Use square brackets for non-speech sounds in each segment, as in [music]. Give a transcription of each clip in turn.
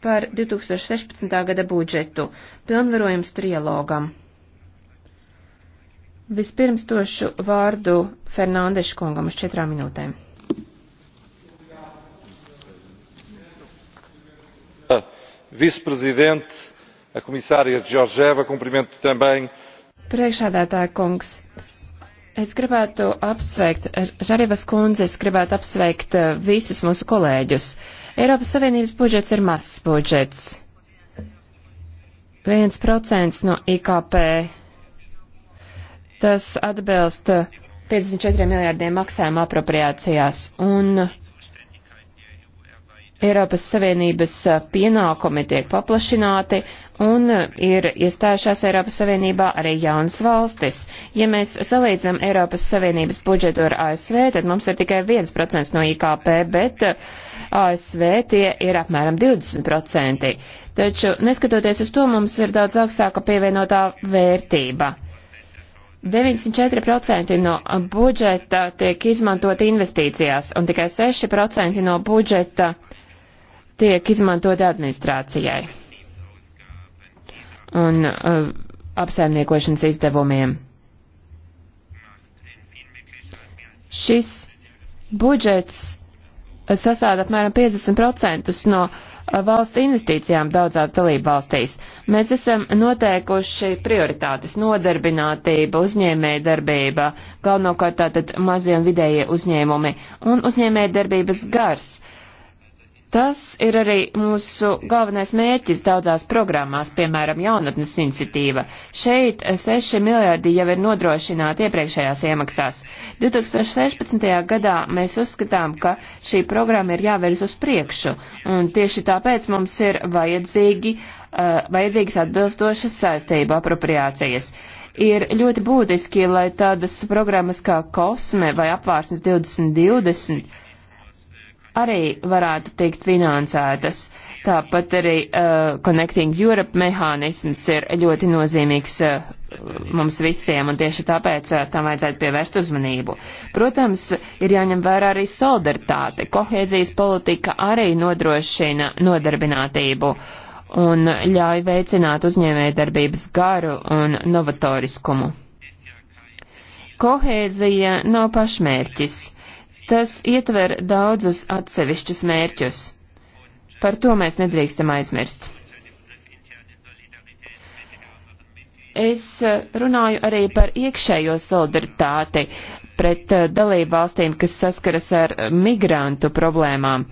par 2016. gada budžetu. Pilnvarojums trialogam. Vispirms tošu vārdu Fernandešu kungam uz četrām minūtēm. Vice-prezidente, a komisārija Georgieva, cumprimentu também. Priekšādātāja kungs, es gribētu apsveikt, Žarivas kundze, es gribētu apsveikt eh, visus mūsu kolēģus. Uh, Eiropas Savienības budžets ir mazs budžets. 1% no IKP. Tas atbilst 54 miljārdiem maksājuma apropriācijās. Un uh, Eiropas Savienības eh, pienākumi tiek paplašināti un eh, ir iestājušās Eiropas Savienībā arī jaunas valstis. Ja mēs salīdzinām Eiropas Savienības budžetu ar ASV, tad mums ir tikai 1% no IKP, bet eh, ASV tie ir apmēram 20%. Taču, neskatoties uz to, mums ir daudz augstāka pievienotā vērtība. 94% no budžeta tiek izmantot investīcijās, un tikai 6% no budžeta tiek izmantoti administrācijai un uh, apsaimniekošanas izdevumiem. Šis budžets uh, sasāda apmēram 50% no uh, valsts investīcijām daudzās dalību valstīs. Mēs esam noteikuši prioritātes - nodarbinātība, uzņēmēja darbība, galvenokārt tātad mazie un vidējie uzņēmumi un uzņēmēja darbības gars. Tas ir arī mūsu galvenais mērķis daudzās programmās, piemēram, jaunatnes iniciatīva. Šeit 6 miljardi jau ir nodrošināti iepriekšējās iemaksās. 2016. gadā mēs uzskatām, ka šī programma ir jāvērz uz priekšu, un tieši tāpēc mums ir vajadzīgi, uh, vajadzīgas atbilstošas saistību apropriācijas. Ir ļoti būtiski, lai tādas programmas kā Kosme vai Apvārsnes 2020 arī varētu tikt finansētas. Tāpat arī uh, Connecting Europe mehānisms ir ļoti nozīmīgs uh, mums visiem, un tieši tāpēc uh, tam vajadzētu pievērst uzmanību. Protams, ir jāņem vērā arī solidaritāte. Kohēzijas politika arī nodrošina nodarbinātību un ļauj veicināt uzņēmējdarbības garu un novatoriskumu. Kohēzija nav pašmērķis. Tas ietver daudzus atsevišķus mērķus. Par to mēs nedrīkstam aizmirst. Es eh, runāju arī par iekšējo solidaritāti pret eh, dalību valstīm, kas saskaras ar eh, migrantu problēmām.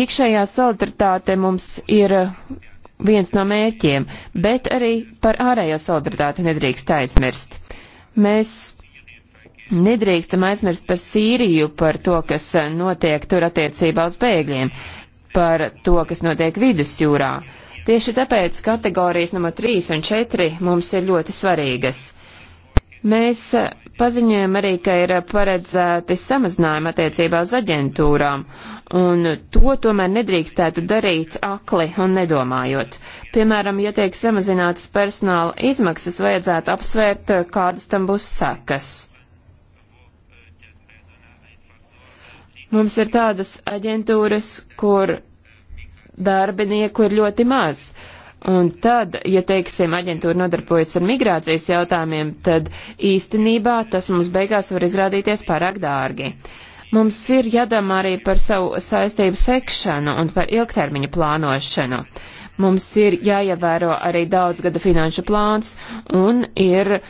Iekšējā solidaritāte mums ir viens no mērķiem, bet arī par ārējo solidaritāti nedrīkst aizmirst. Mēs Nedrīkstam aizmirst par Sīriju, par to, kas eh, notiek tur attiecībā uz bēgļiem, par to, kas notiek vidusjūrā. Tieši tāpēc kategorijas numur 3 un 4 mums ir ļoti svarīgas. Mēs eh, paziņojam arī, ka ir paredzēti samazinājumi attiecībā uz aģentūrām, un to tomēr nedrīkstētu darīt akli un nedomājot. Piemēram, ja tiek samazinātas personāla izmaksas, vajadzētu apsvērt, eh, kādas tam būs sekas. Mums ir tādas aģentūras, kur darbinieku ir ļoti maz. Un tad, ja teiksim, aģentūra nodarbojas ar migrācijas jautājumiem, tad īstenībā tas mums beigās var izrādīties pārāk dārgi. Mums ir jādomā arī par savu saistību sekšanu un par ilgtermiņu plānošanu. Uh, Mums ir jāievēro arī daudzgada finanšu plāns un ir uh,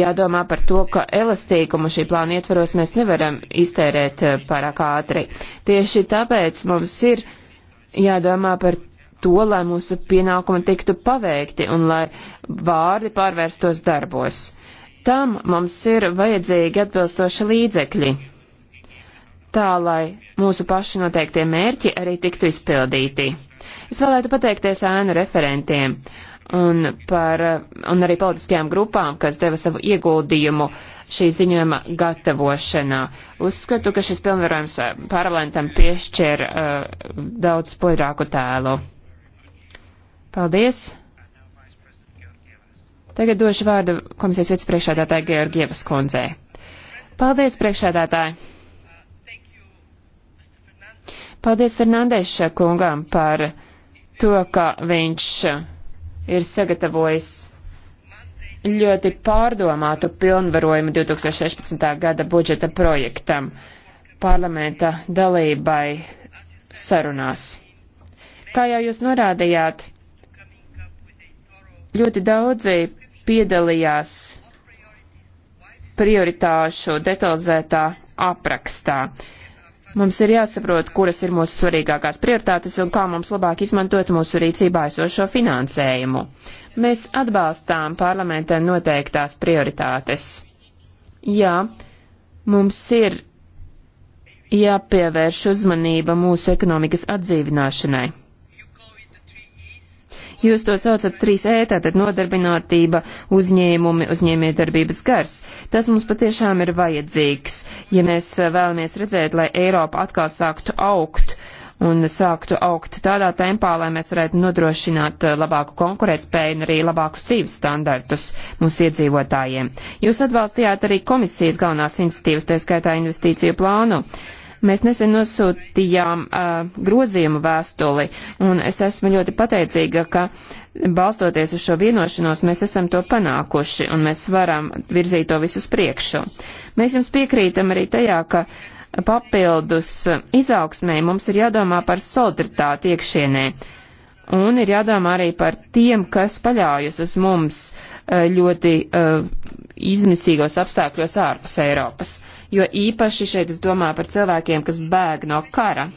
jādomā par to, ka elastīgumu šī plāna ietvaros mēs nevaram iztērēt uh, pārāk ātri. Tieši tāpēc mums ir jādomā par to, lai mūsu pienākumi tiktu paveikti un lai vārdi pārvērstos darbos. Tam mums ir vajadzīgi atbilstoši līdzekļi, tā lai mūsu paši noteiktie mērķi arī tiktu izpildīti. Es vēlētu pateikties ēnu referentiem un, par, un arī politiskajām grupām, kas deva savu ieguldījumu šī ziņojuma gatavošanā. Uzskatu, ka šis pilnvarojums eh, parlamentam piešķir uh, daudz spoidrāku tēlu. Paldies! Tagad došu vārdu komisijas vicepriekšādātāja Georgievas kundzei. Paldies, priekšādātāji! Paldies Fernandeša kungam par to, ka viņš ir sagatavojis ļoti pārdomātu pilnvarojumu 2016. gada budžeta projektam parlamenta dalībai sarunās. Kā jau jūs norādījāt, ļoti daudzi piedalījās prioritāšu detalizētā aprakstā. Mums ir jāsaprot, kuras ir mūsu svarīgākās prioritātes un kā mums labāk izmantot mūsu rīcībā esošo finansējumu. Mēs atbalstām parlamentē noteiktās prioritātes. Jā, mums ir jāpievērš uzmanība mūsu ekonomikas atdzīvināšanai. Jūs to saucat 3E, tātad nodarbinātība, uzņēmumi, uzņēmējdarbības gars. Tas mums patiešām ir vajadzīgs, ja mēs eh, vēlamies redzēt, lai Eiropa atkal sāktu augt un sāktu augt tādā tempā, lai mēs varētu nodrošināt eh, labāku konkurētspēju un arī labākus dzīves standartus mūsu iedzīvotājiem. Jūs atbalstījāt arī komisijas galvenās iniciatīvas, tā skaitā investīciju plānu. Uh, Mēs nesen nosūtījām uh, grozījumu vēstuli, un es esmu ļoti pateicīga, ka balstoties uz šo vienošanos mēs esam to panākuši, un mēs varam virzīt to visus priekšu. Mēs jums piekrītam arī tajā, ka papildus izaugsmē mums ir jādomā par solidaritāti iekšienē. Un ir jādomā arī par tiem, kas paļaujas uz mums uh, ļoti uh, izmisīgos apstākļos ārpus Eiropas. Uh, jo īpaši šeit es domāju par cilvēkiem, kas bēg no kara.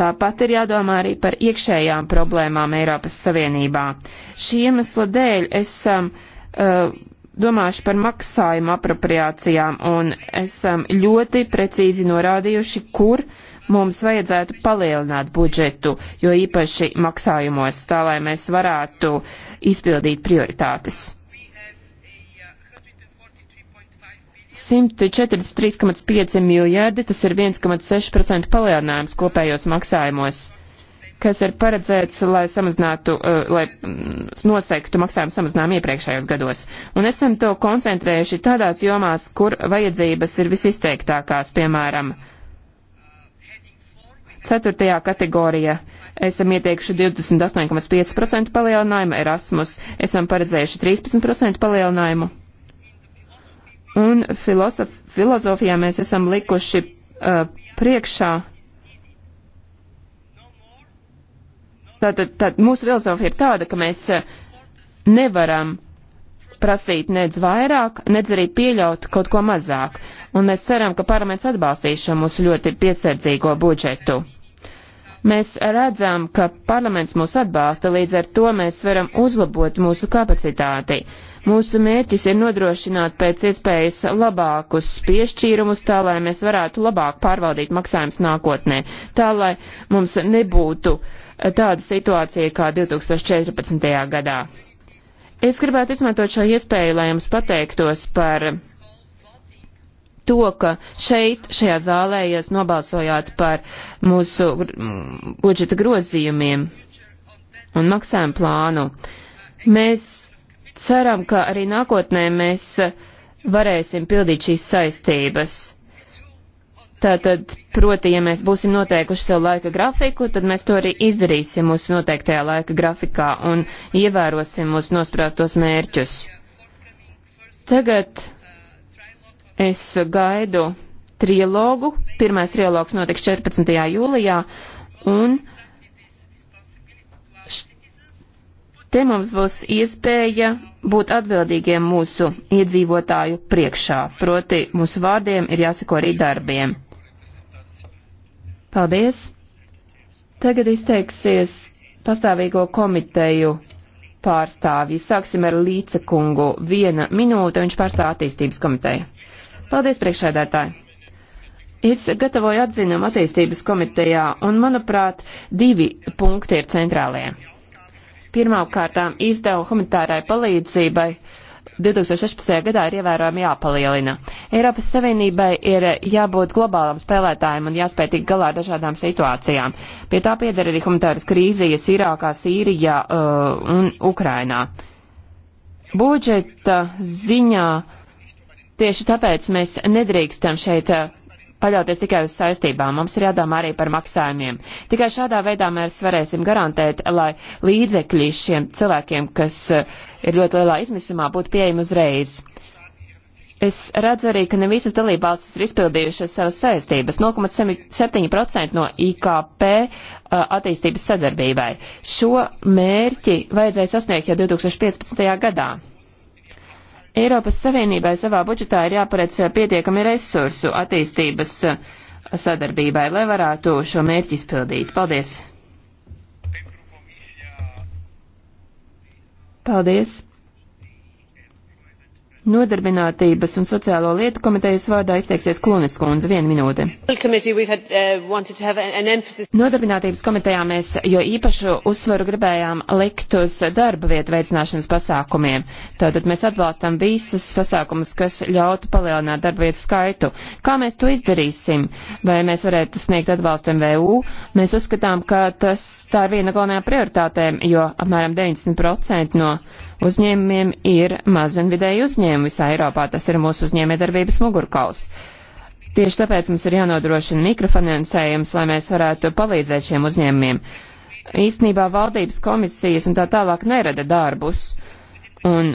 Tāpat ir jādomā arī par iekšējām problēmām Eiropas Savienībā. Šī iemesla dēļ esam um, uh, domājuši par maksājumu apropriācijām un esam ļoti precīzi norādījuši, kur mums vajadzētu palielināt budžetu, jo īpaši maksājumos, tā lai mēs varētu izpildīt prioritātes. 143,5 miljardi, tas ir 1,6% palielinājums kopējos maksājumos, kas ir paredzēts, lai samazinātu, uh, lai mm, noseiktu maksājumu samazinājumu iepriekšējos gados. Un esam to koncentrējuši tādās jomās, kur vajadzības ir visizteiktākās, piemēram, Ceturtajā kategorijā esam ieteikuši 28,5% palielinājumu, Erasmus esam paredzējuši 13% palielinājumu. Un filosof, filozofijā mēs esam likuši uh, priekšā. Tātad, tātad mūsu filozofija ir tāda, ka mēs uh, nevaram prasīt nedz vairāk, nedz arī pieļaut kaut ko mazāk. Un mēs ceram, ka parlaments atbalstīs šo mūsu ļoti piesardzīgo budžetu. Mēs redzam, ka parlaments mūs atbalsta, līdz ar to mēs varam uzlabot mūsu kapacitāti. Uh, Mūsu mērķis ir nodrošināt pēc iespējas labākus piešķīrumus, tā lai mēs varētu labāk pārvaldīt maksājumus nākotnē, tā lai mums nebūtu eh, tāda situācija kā 2014. gadā. Es gribētu izmantot šo iespēju, lai jums pateiktos par to, ka šeit, šajā zālē, jūs nobalsojāt par mūsu mm, budžeta grozījumiem un maksājumu plānu. Mēs ceram, ka arī nākotnē mēs varēsim pildīt šīs saistības. Tātad, proti, ja mēs būsim noteikuši sev laika grafiku, tad mēs to arī izdarīsim mūsu noteiktajā laika grafikā un ievērosim mūsu nosprāstos mērķus. Tagad es gaidu trilogu. Pirmais trilogs notiks 14. jūlijā un Te mums būs iespēja būt atbildīgiem mūsu iedzīvotāju priekšā, proti mūsu vārdiem ir jāsako arī darbiem. Paldies! Tagad izteiksies pastāvīgo komiteju pārstāvji. Sāksim ar Līca kungu. Viena minūte, viņš pārstāv attīstības komiteju. Paldies, priekšēdētāji! Es gatavoju atzinumu attīstības komitejā, un, manuprāt, divi punkti ir centrālie. Pirmkārtām izdevuma humanitārai palīdzībai 2016. gadā ir ievērojami jāpalielina. Eiropas Savienībai ir jābūt globālam spēlētājam un jāspēj tikt galā ar dažādām situācijām. Pie tā pieder arī humanitāras krīzijas Irākā, Sīrijā uh, un Ukrainā. Budžeta ziņā tieši tāpēc mēs nedrīkstam šeit uh, paļauties tikai uz saistībām, mums ir jādomā arī par maksājumiem. Tikai šādā veidā mēs varēsim garantēt, lai līdzekļi šiem cilvēkiem, kas eh, ir ļoti lielā izmisumā, būtu pieejami uzreiz. Es redzu arī, ka ne visas dalībvalstis ir izpildījušas savas saistības. 0,7% no IKP eh, attīstības sadarbībai. Šo mērķi vajadzēja sasniegt jau 2015. gadā. Eiropas Savienībai savā budžetā ir jāparedz eh, pietiekami resursu attīstības eh, sadarbībai, lai varētu šo mērķi izpildīt. Paldies! Paldies! Nodarbinātības un sociālo lietu komitejas vārdā izteiksies Klunis kundze. Viena minūte. Uh, Nodarbinātības komitejā mēs jo īpašu uzsvaru gribējām likt uz darba vietu veicināšanas pasākumiem. Tātad mēs atbalstam visas pasākumus, kas ļautu palielināt darba vietu skaitu. Kā mēs to izdarīsim? Vai mēs varētu sniegt atbalstu MVU? Mēs uzskatām, ka tas tā ir viena galvenajām prioritātēm, jo apmēram 90% no Uzņēmumiem ir maz un vidēji uzņēmumi visā Eiropā, tas ir mūsu uzņēmējdarbības mugurkauls. Tieši tāpēc mums ir jānodrošina mikrofinansējums, lai mēs varētu palīdzēt šiem uzņēmumiem. Īstenībā valdības komisijas un tā tālāk nerada darbus. Un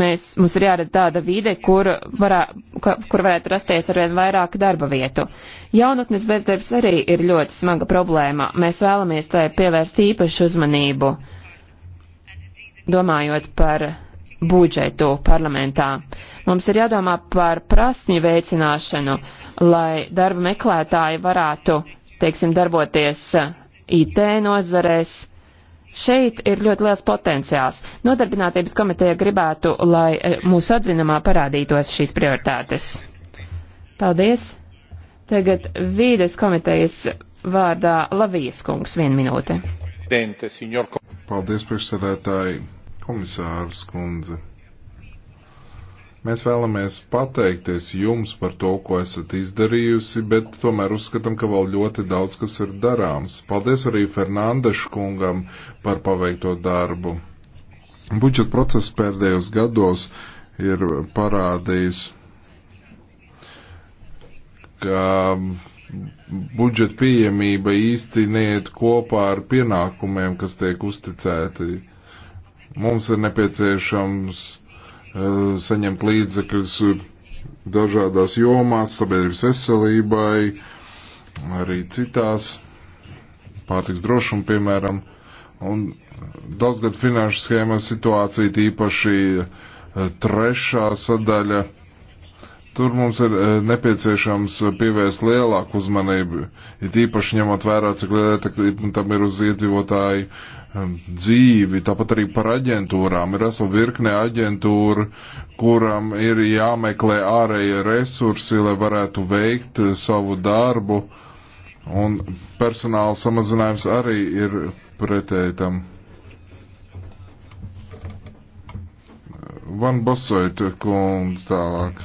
mēs, mums ir jārada tāda vide, kur, varā, kur varētu rasties arvien vairāk darba vietu. Jaunatnes bezdarbs arī ir ļoti smaga problēma. Mēs vēlamies tai pievērst īpašu uzmanību domājot par budžetu parlamentā. Mums ir jādomā par prasmju veicināšanu, lai darba meklētāji varētu, teiksim, darboties IT nozarēs. Šeit ir ļoti liels potenciāls. Nodarbinātības komiteja gribētu, lai e, mūsu atzinumā parādītos šīs prioritātes. Paldies! Tagad vīdes komitejas vārdā Lavijas kungs, viena minūte. Dente, signor... Paldies, priekšsēdētāji, komisārs kundze. Mēs vēlamies pateikties jums par to, ko esat izdarījusi, bet tomēr uzskatām, ka vēl ļoti daudz kas ir darāms. Paldies arī Fernandešu kungam par paveikto darbu. Budžeta process pēdējos gados ir parādījis, ka budžeta pieejamība īsti neiet kopā ar pienākumiem, kas tiek uzticēti. Mums ir nepieciešams uh, saņemt līdzekļus dažādās jomās, sabiedrības veselībai, arī citās, pārtiks drošumu, piemēram, un daudzgad finanšu schēmā situācija, tīpaši uh, trešā sadaļa Tur mums ir eh, nepieciešams eh, pievērst lielāku uzmanību, it īpaši ņemot vērā, cik liela ietekme tam ir uz iedzīvotāju um, dzīvi. Tāpat arī par aģentūrām. Ir esmu virkne aģentūru, kuram ir jāmeklē ārējie resursi, lai varētu veikt eh, savu darbu, un personāla samazinājums arī ir pretēji tam. Van Bosoit, kungs tālāk.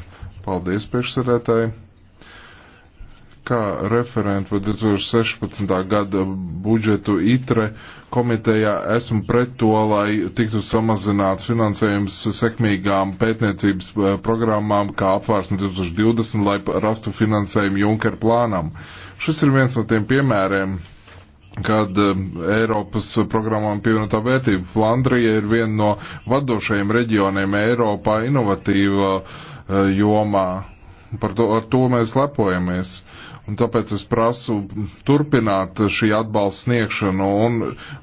Paldies, priekšsarētāji. Kā referenti par 2016. gada budžetu ITRE komitejā esmu pret to, lai tiktu samazināts finansējums sekmīgām pētniecības eh, programmām, kā apvārsne 2020, lai rastu finansējumu Junker plānam. Šis ir viens no tiem piemēriem, kad eh, Eiropas programmām pievienotā vērtība. Flandrija ir viena no vadošajiem reģioniem Eiropā inovatīva uh, Eh, jomā. Par to, ar to mēs lepojamies. Un tāpēc es prasu turpināt šī atbalsta sniegšanu un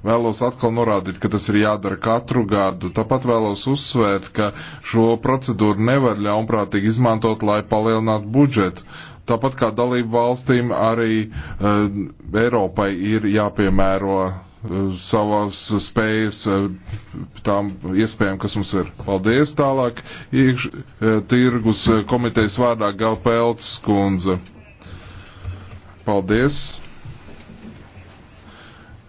vēlos atkal norādīt, ka tas ir jādara katru gadu. Tāpat vēlos uzsvērt, ka šo procedūru nevar ļaunprātīgi izmantot, lai palielinātu budžetu. Tāpat kā dalību valstīm, arī uh, Eiropai ir jāpiemēro savās spējas, tām iespējām, kas mums ir. Paldies tālāk. Iekš, e, tirgus komitejas vārdā Galpēlts skundze. Paldies.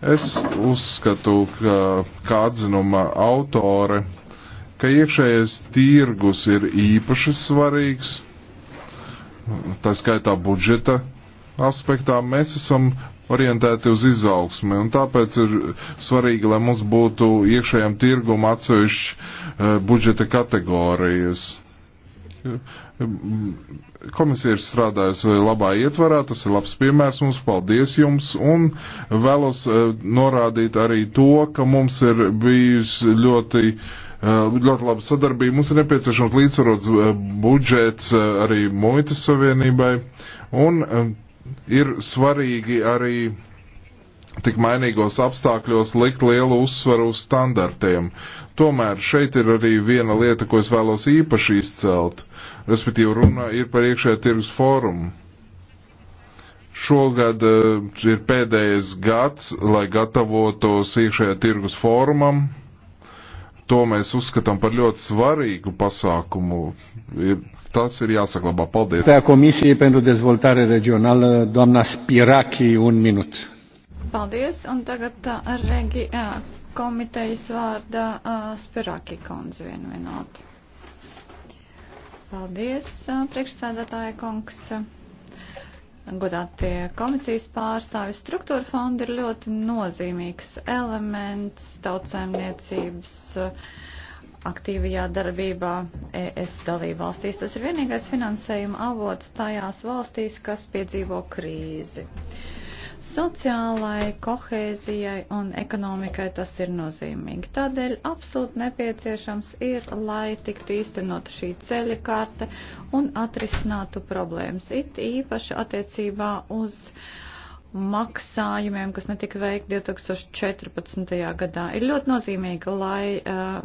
Es uzskatu, ka kā atzinuma autore, ka iekšējais tirgus ir īpaši svarīgs, tā skaitā budžeta aspektā mēs esam orientēti uz izaugsmi, un tāpēc ir svarīgi, lai mums būtu iekšējiem tirgum atsevišķi eh, budžeta kategorijas. Komisija ir strādājusi labā ietvarā, tas ir labs piemērs mums, paldies jums, un vēlos eh, norādīt arī to, ka mums ir bijis ļoti uh, ļoti laba sadarbība. Mums ir nepieciešams līdzsvarots budžets arī muitas savienībai. Un ir svarīgi arī tik mainīgos apstākļos likt lielu uzsvaru uz standartiem. Tomēr šeit ir arī viena lieta, ko es vēlos īpaši izcelt, respektīvi runa ir par iekšējā tirgus fórumu. Šogad uh, ir pēdējais gads, lai gatavotos iekšējā tirgus fórumam. To mēs uzskatām par ļoti svarīgu pasākumu. Ir Tas ir jāsaglabā. Paldies. Tā komisija pentru dezvoltare reģionāla, doamna Spiraki, un minut. Paldies, un tagad uh, regi uh, komitejas vārdā uh, Spiraki kundze vienu minūti. Paldies, priekšstādātāja kungs. Godātie komisijas pārstāvi struktūra fonda ir ļoti nozīmīgs elements tautsēmniecības uh, aktīvajā darbībā ES dalību valstīs. Tas ir vienīgais finansējuma avots tajās valstīs, kas piedzīvo krīzi. Sociālai, kohēzijai un ekonomikai tas ir nozīmīgi. Tādēļ absolūti nepieciešams ir, lai tiktu īstenota šī ceļa karte un atrisinātu problēmas, it īpaši attiecībā uz uh, maksājumiem, kas netika veikti 2014. gadā. Ir ļoti nozīmīgi, lai uh,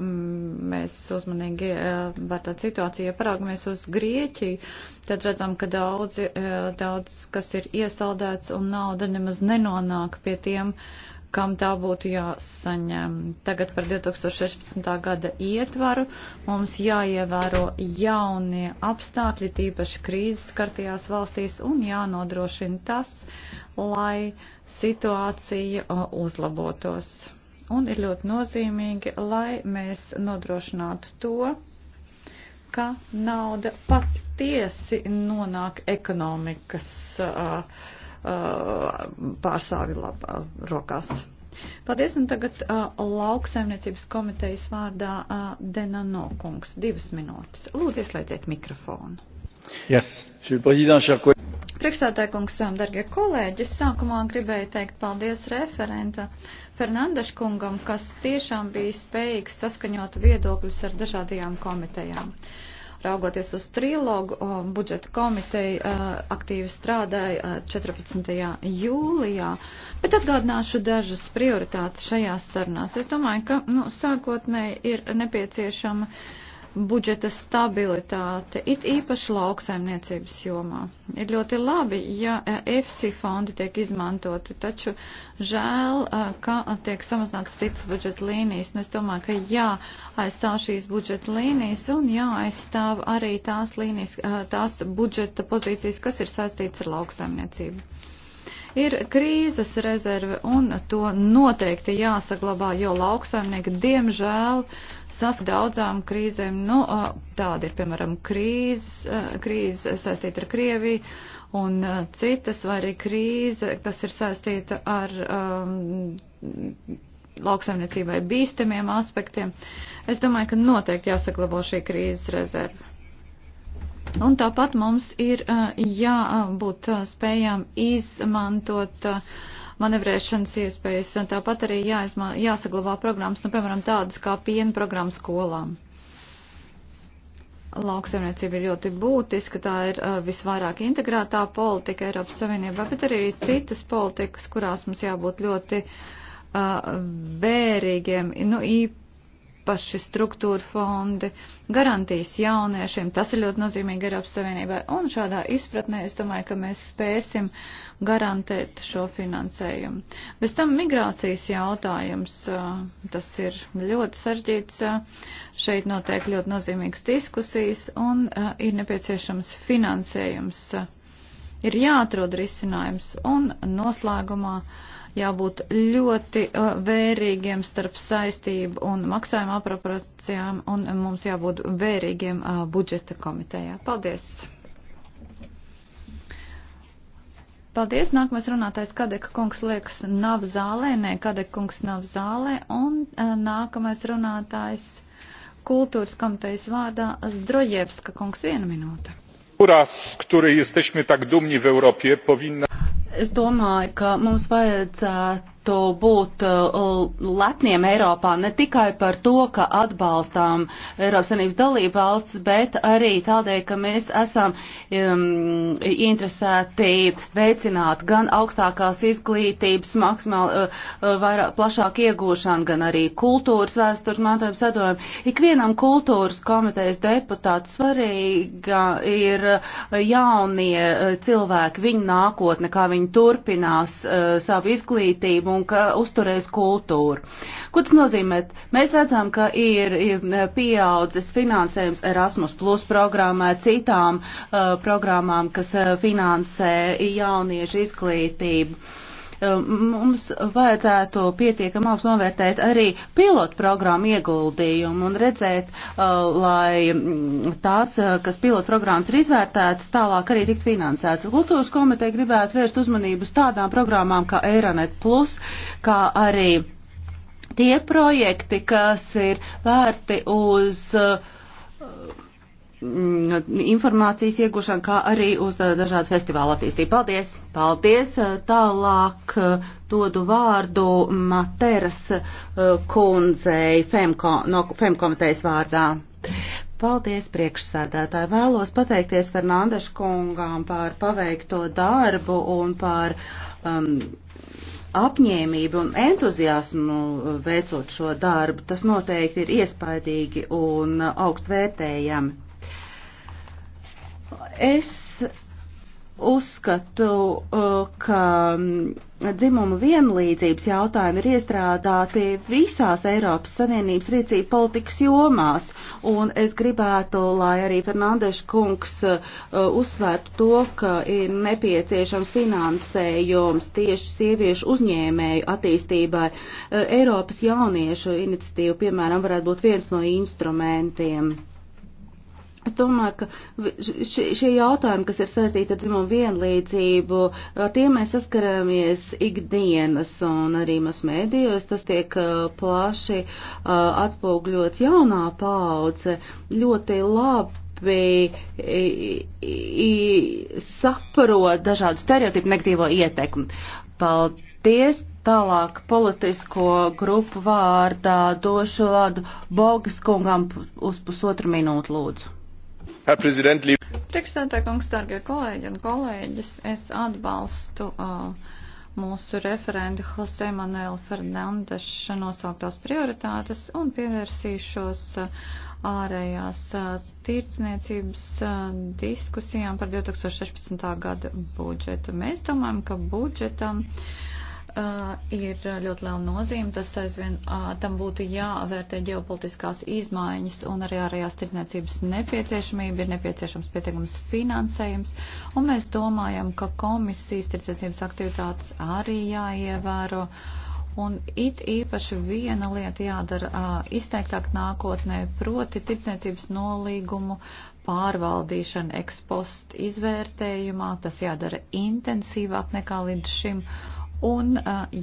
mēs uzmanīgi uh, eh, vērtētu situāciju. Ja paraugamies uz Grieķiju, tad redzam, ka daudzi, uh, daudz, kas ir iesaldēts un nauda nemaz nenonāk pie tiem, uh, kam tā būtu jāsaņem. Tagad par 2016. gada ietvaru mums jāievēro jaunie apstākļi, tīpaši krīzes skartajās valstīs, un jānodrošina tas, lai situācija uzlabotos. Un ir ļoti nozīmīgi, lai mēs nodrošinātu to, ka nauda patiesi nonāk ekonomikas. Uh, Uh, pārstāvi labā uh, rokās. Paldies, un tagad uh, lauksaimniecības komitejas vārdā uh, Denano kungs, divas minūtes. Lūdzu, ieslēdziet mikrofonu. Yes. Priekšstādāja kungs, um, darbie kolēģi, es sākumā gribēju teikt paldies referenta Fernandeškungam, kas tiešām bija spējīgs saskaņot viedokļus ar dažādajām komitejām. Uh, Raugoties uz trilogu, budžeta komiteja aktīvi strādāja 14. jūlijā, bet atgādināšu dažas prioritātes šajās sarunās. Es domāju, ka nu, sākotnēji ir nepieciešama uh, budžeta stabilitāte, it īpaši lauksaimniecības jomā. Ir ļoti labi, ja e, EFSI fondi tiek izmantoti, taču žēl, e, ka tiek samazināts citas budžeta līnijas. Nu, es domāju, ka jāaizstāv šīs budžeta līnijas un jāaizstāv arī tās līnijas, e, tās budžeta pozīcijas, kas ir saistītas ar lauksaimniecību. Ir krīzes rezerve un to noteikti jāsaglabā, jo lauksaimnieki diemžēl sast daudzām krīzēm, nu, tāda ir, piemēram, krīzes, krīze saistīta ar Krieviju un citas, vai arī krīze, kas ir saistīta ar um, lauksaimniecībai bīstamiem aspektiem. Es domāju, ka noteikti jāsaglabā šī krīzes rezerve. Un tāpat mums ir jābūt spējām izmantot manevrēšanas iespējas, tāpat arī jāizmā, jāsaglabā programmas, nu, piemēram, tādas kā piena programmas skolām. Lauksaimniecība ir ļoti būtiska, tā ir uh, visvairāk integrētā politika Eiropas Savienībā, bet arī ir citas politikas, kurās mums jābūt ļoti uh, vērīgiem, nu, īpaši īpaši struktūra fondi, garantijas jauniešiem, tas ir ļoti nozīmīgi Eiropas Savienībai. Un šādā izpratnē es domāju, ka mēs spēsim garantēt šo finansējumu. Bez tam migrācijas jautājums, tas ir ļoti saržģīts, šeit notiek ļoti nozīmīgas diskusijas un ir nepieciešams finansējums. Ir jāatrod risinājums un noslēgumā. Uh, jābūt ļoti uh, vērīgiem starp saistību un maksājuma apropriācijām, un mums jābūt vērīgiem uh, budžeta komitejā. Paldies! Paldies, nākamais runātājs Kadeka kungs liekas nav zālē, nē, Kadeka kungs nav zālē, un uh, nākamais runātājs kultūras komitejas vārdā Zdrojevska kungs viena minūta. Uras, kuri jesteśmy tak dumni w Europie, powinna... Es domāju, ka mums vajadzētu varētu būt uh, lepniem Eiropā ne tikai par to, ka atbalstām Eiropas Savienības dalību valsts, bet arī tādēļ, ka mēs esam um, interesēti veicināt gan augstākās izglītības, maksimāli uh, uh vairāk, plašāk iegūšanu, gan arī kultūras vēstures mantojumu sadojumu. Ikvienam kultūras komitejas deputāts svarīga ir uh, jaunie cilvēki, viņu nākotne, kā viņi turpinās uh, savu izglītību un ka uzturēs kultūru. Ko tas nozīmē? Mēs redzam, ka ir, ir e, pieaudzis finansējums Erasmus Plus programmai, citām uh, programmām, kas e, finansē jauniešu izglītību. Uh, Um, mums vajadzētu pietiekam augstu novērtēt arī pilotu programmu ieguldījumu un redzēt, uh, lai mm, tās, uh, kas pilotu programmas ir izvērtētas, tālāk arī tikt finansētas. Kultūras komiteja gribētu vērst uzmanību uz tādām programmām kā Eironet Plus, kā arī tie projekti, kas ir vērsti uz uh, Mm, informācijas iegūšanu, kā arī uz eh, dažādu festivālu attīstību. Paldies! Paldies! Eh, Tālāk eh, dodu vārdu Materas kundzei Femko, no Femkomitejas vārdā. Paldies priekšsēdētāji. Vēlos pateikties Fernandešu kungām par paveikto darbu un par um, apņēmību un entuziasmu veicot šo darbu. Tas noteikti ir iespaidīgi un augst vērtējami. Es uzskatu, uh, ka mm, dzimumu vienlīdzības jautājumi ir iestrādāti visās Eiropas Savienības rīcība politikas jomās, un es gribētu, lai arī Fernandeša kungs uh, uzsvērtu to, ka ir nepieciešams finansējums tieši sieviešu uzņēmēju attīstībai. Uh, Eiropas jauniešu iniciatīva, piemēram, varētu būt viens no instrumentiem. Es domāju, ka šie, šie jautājumi, kas ir saistīti ar dzimumu vienlīdzību, ar tiem mēs saskaramies ikdienas un arī mas mēdījos, tas tiek plaši atspoguļots jaunā paudze ļoti labi saprot dažādu stereotipu negatīvo ietekmi. Paldies! Tālāk politisko grupu vārdā došu vārdu Bogas kungam uz pusotru minūtu lūdzu. Herr Präsident, liebe Priekšsēdētāj, kungs, dārgie kolēģi un kolēģis, es atbalstu uh, mūsu referentu Jose Manuela Fernandeša nosauktās prioritātes un pievērsīšos uh, ārējās uh, tirdzniecības uh, diskusijām par 2016. gada budžetu. Mēs domājam, ka budžetam. Uh, uh, ir ļoti liela nozīme. Tas aizvien uh, tam būtu jāvērtē ģeopolitiskās izmaiņas un arī ārējās tirdzniecības nepieciešamība, ir nepieciešams pietiekams finansējums. Un mēs domājam, ka komisijas tirdzniecības aktivitātes arī jāievēro. Un it īpaši viena lieta jādara uh, izteiktāk nākotnē, proti tirdzniecības nolīgumu pārvaldīšana ekspost izvērtējumā. Tas jādara intensīvāk nekā līdz šim. Uh, un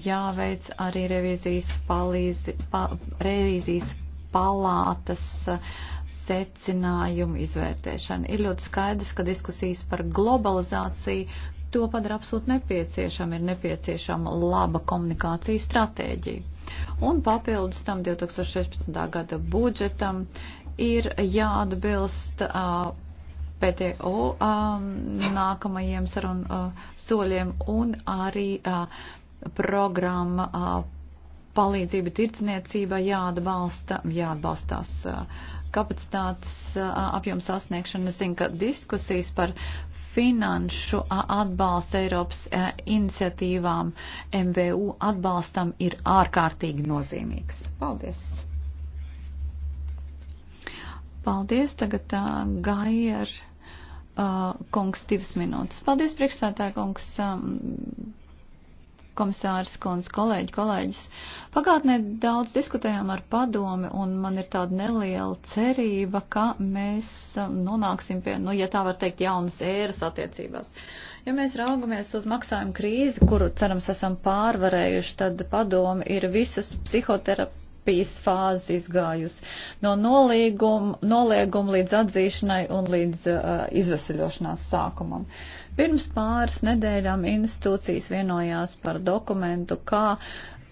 jāveic arī revīzijas, palīzi, pa, revīzijas palātas secinājumu izvērtēšana. Ir ļoti skaidrs, ka diskusijas par globalizāciju to padara absolūti nepieciešama. Ir nepieciešama laba komunikācijas stratēģija. Un papildus tam 2016. gada budžetam ir jāatbilst. Uh, PTO nākamajiem sarunu soļiem un arī programma palīdzība tirdzniecībai jāatbalsta, jāatbalstās kapacitātes apjoms sasniegšana. Es zinu, ka diskusijas par finanšu atbalstu Eiropas iniciatīvām MVU atbalstam ir ārkārtīgi nozīmīgs. Paldies! Paldies, tagad Gaier kungs divas minūtes. Paldies, priekšstādā kungs, komisārs kundz, kolēģi, kolēģis. Pagātnē daudz diskutējām ar padomi, un man ir tāda neliela cerība, ka mēs nonāksim pie, nu, ja tā var teikt, jaunas ēras attiecībās. Ja mēs raugamies uz maksājumu krīzi, kuru, cerams, esam pārvarējuši, tad padomi ir visas psihoterapijas terapijas fāzi izgājusi. No nolieguma, nolieguma līdz atzīšanai un līdz uh, izvesaļošanās sākumam. Pirms pāris nedēļām institūcijas vienojās par dokumentu, kā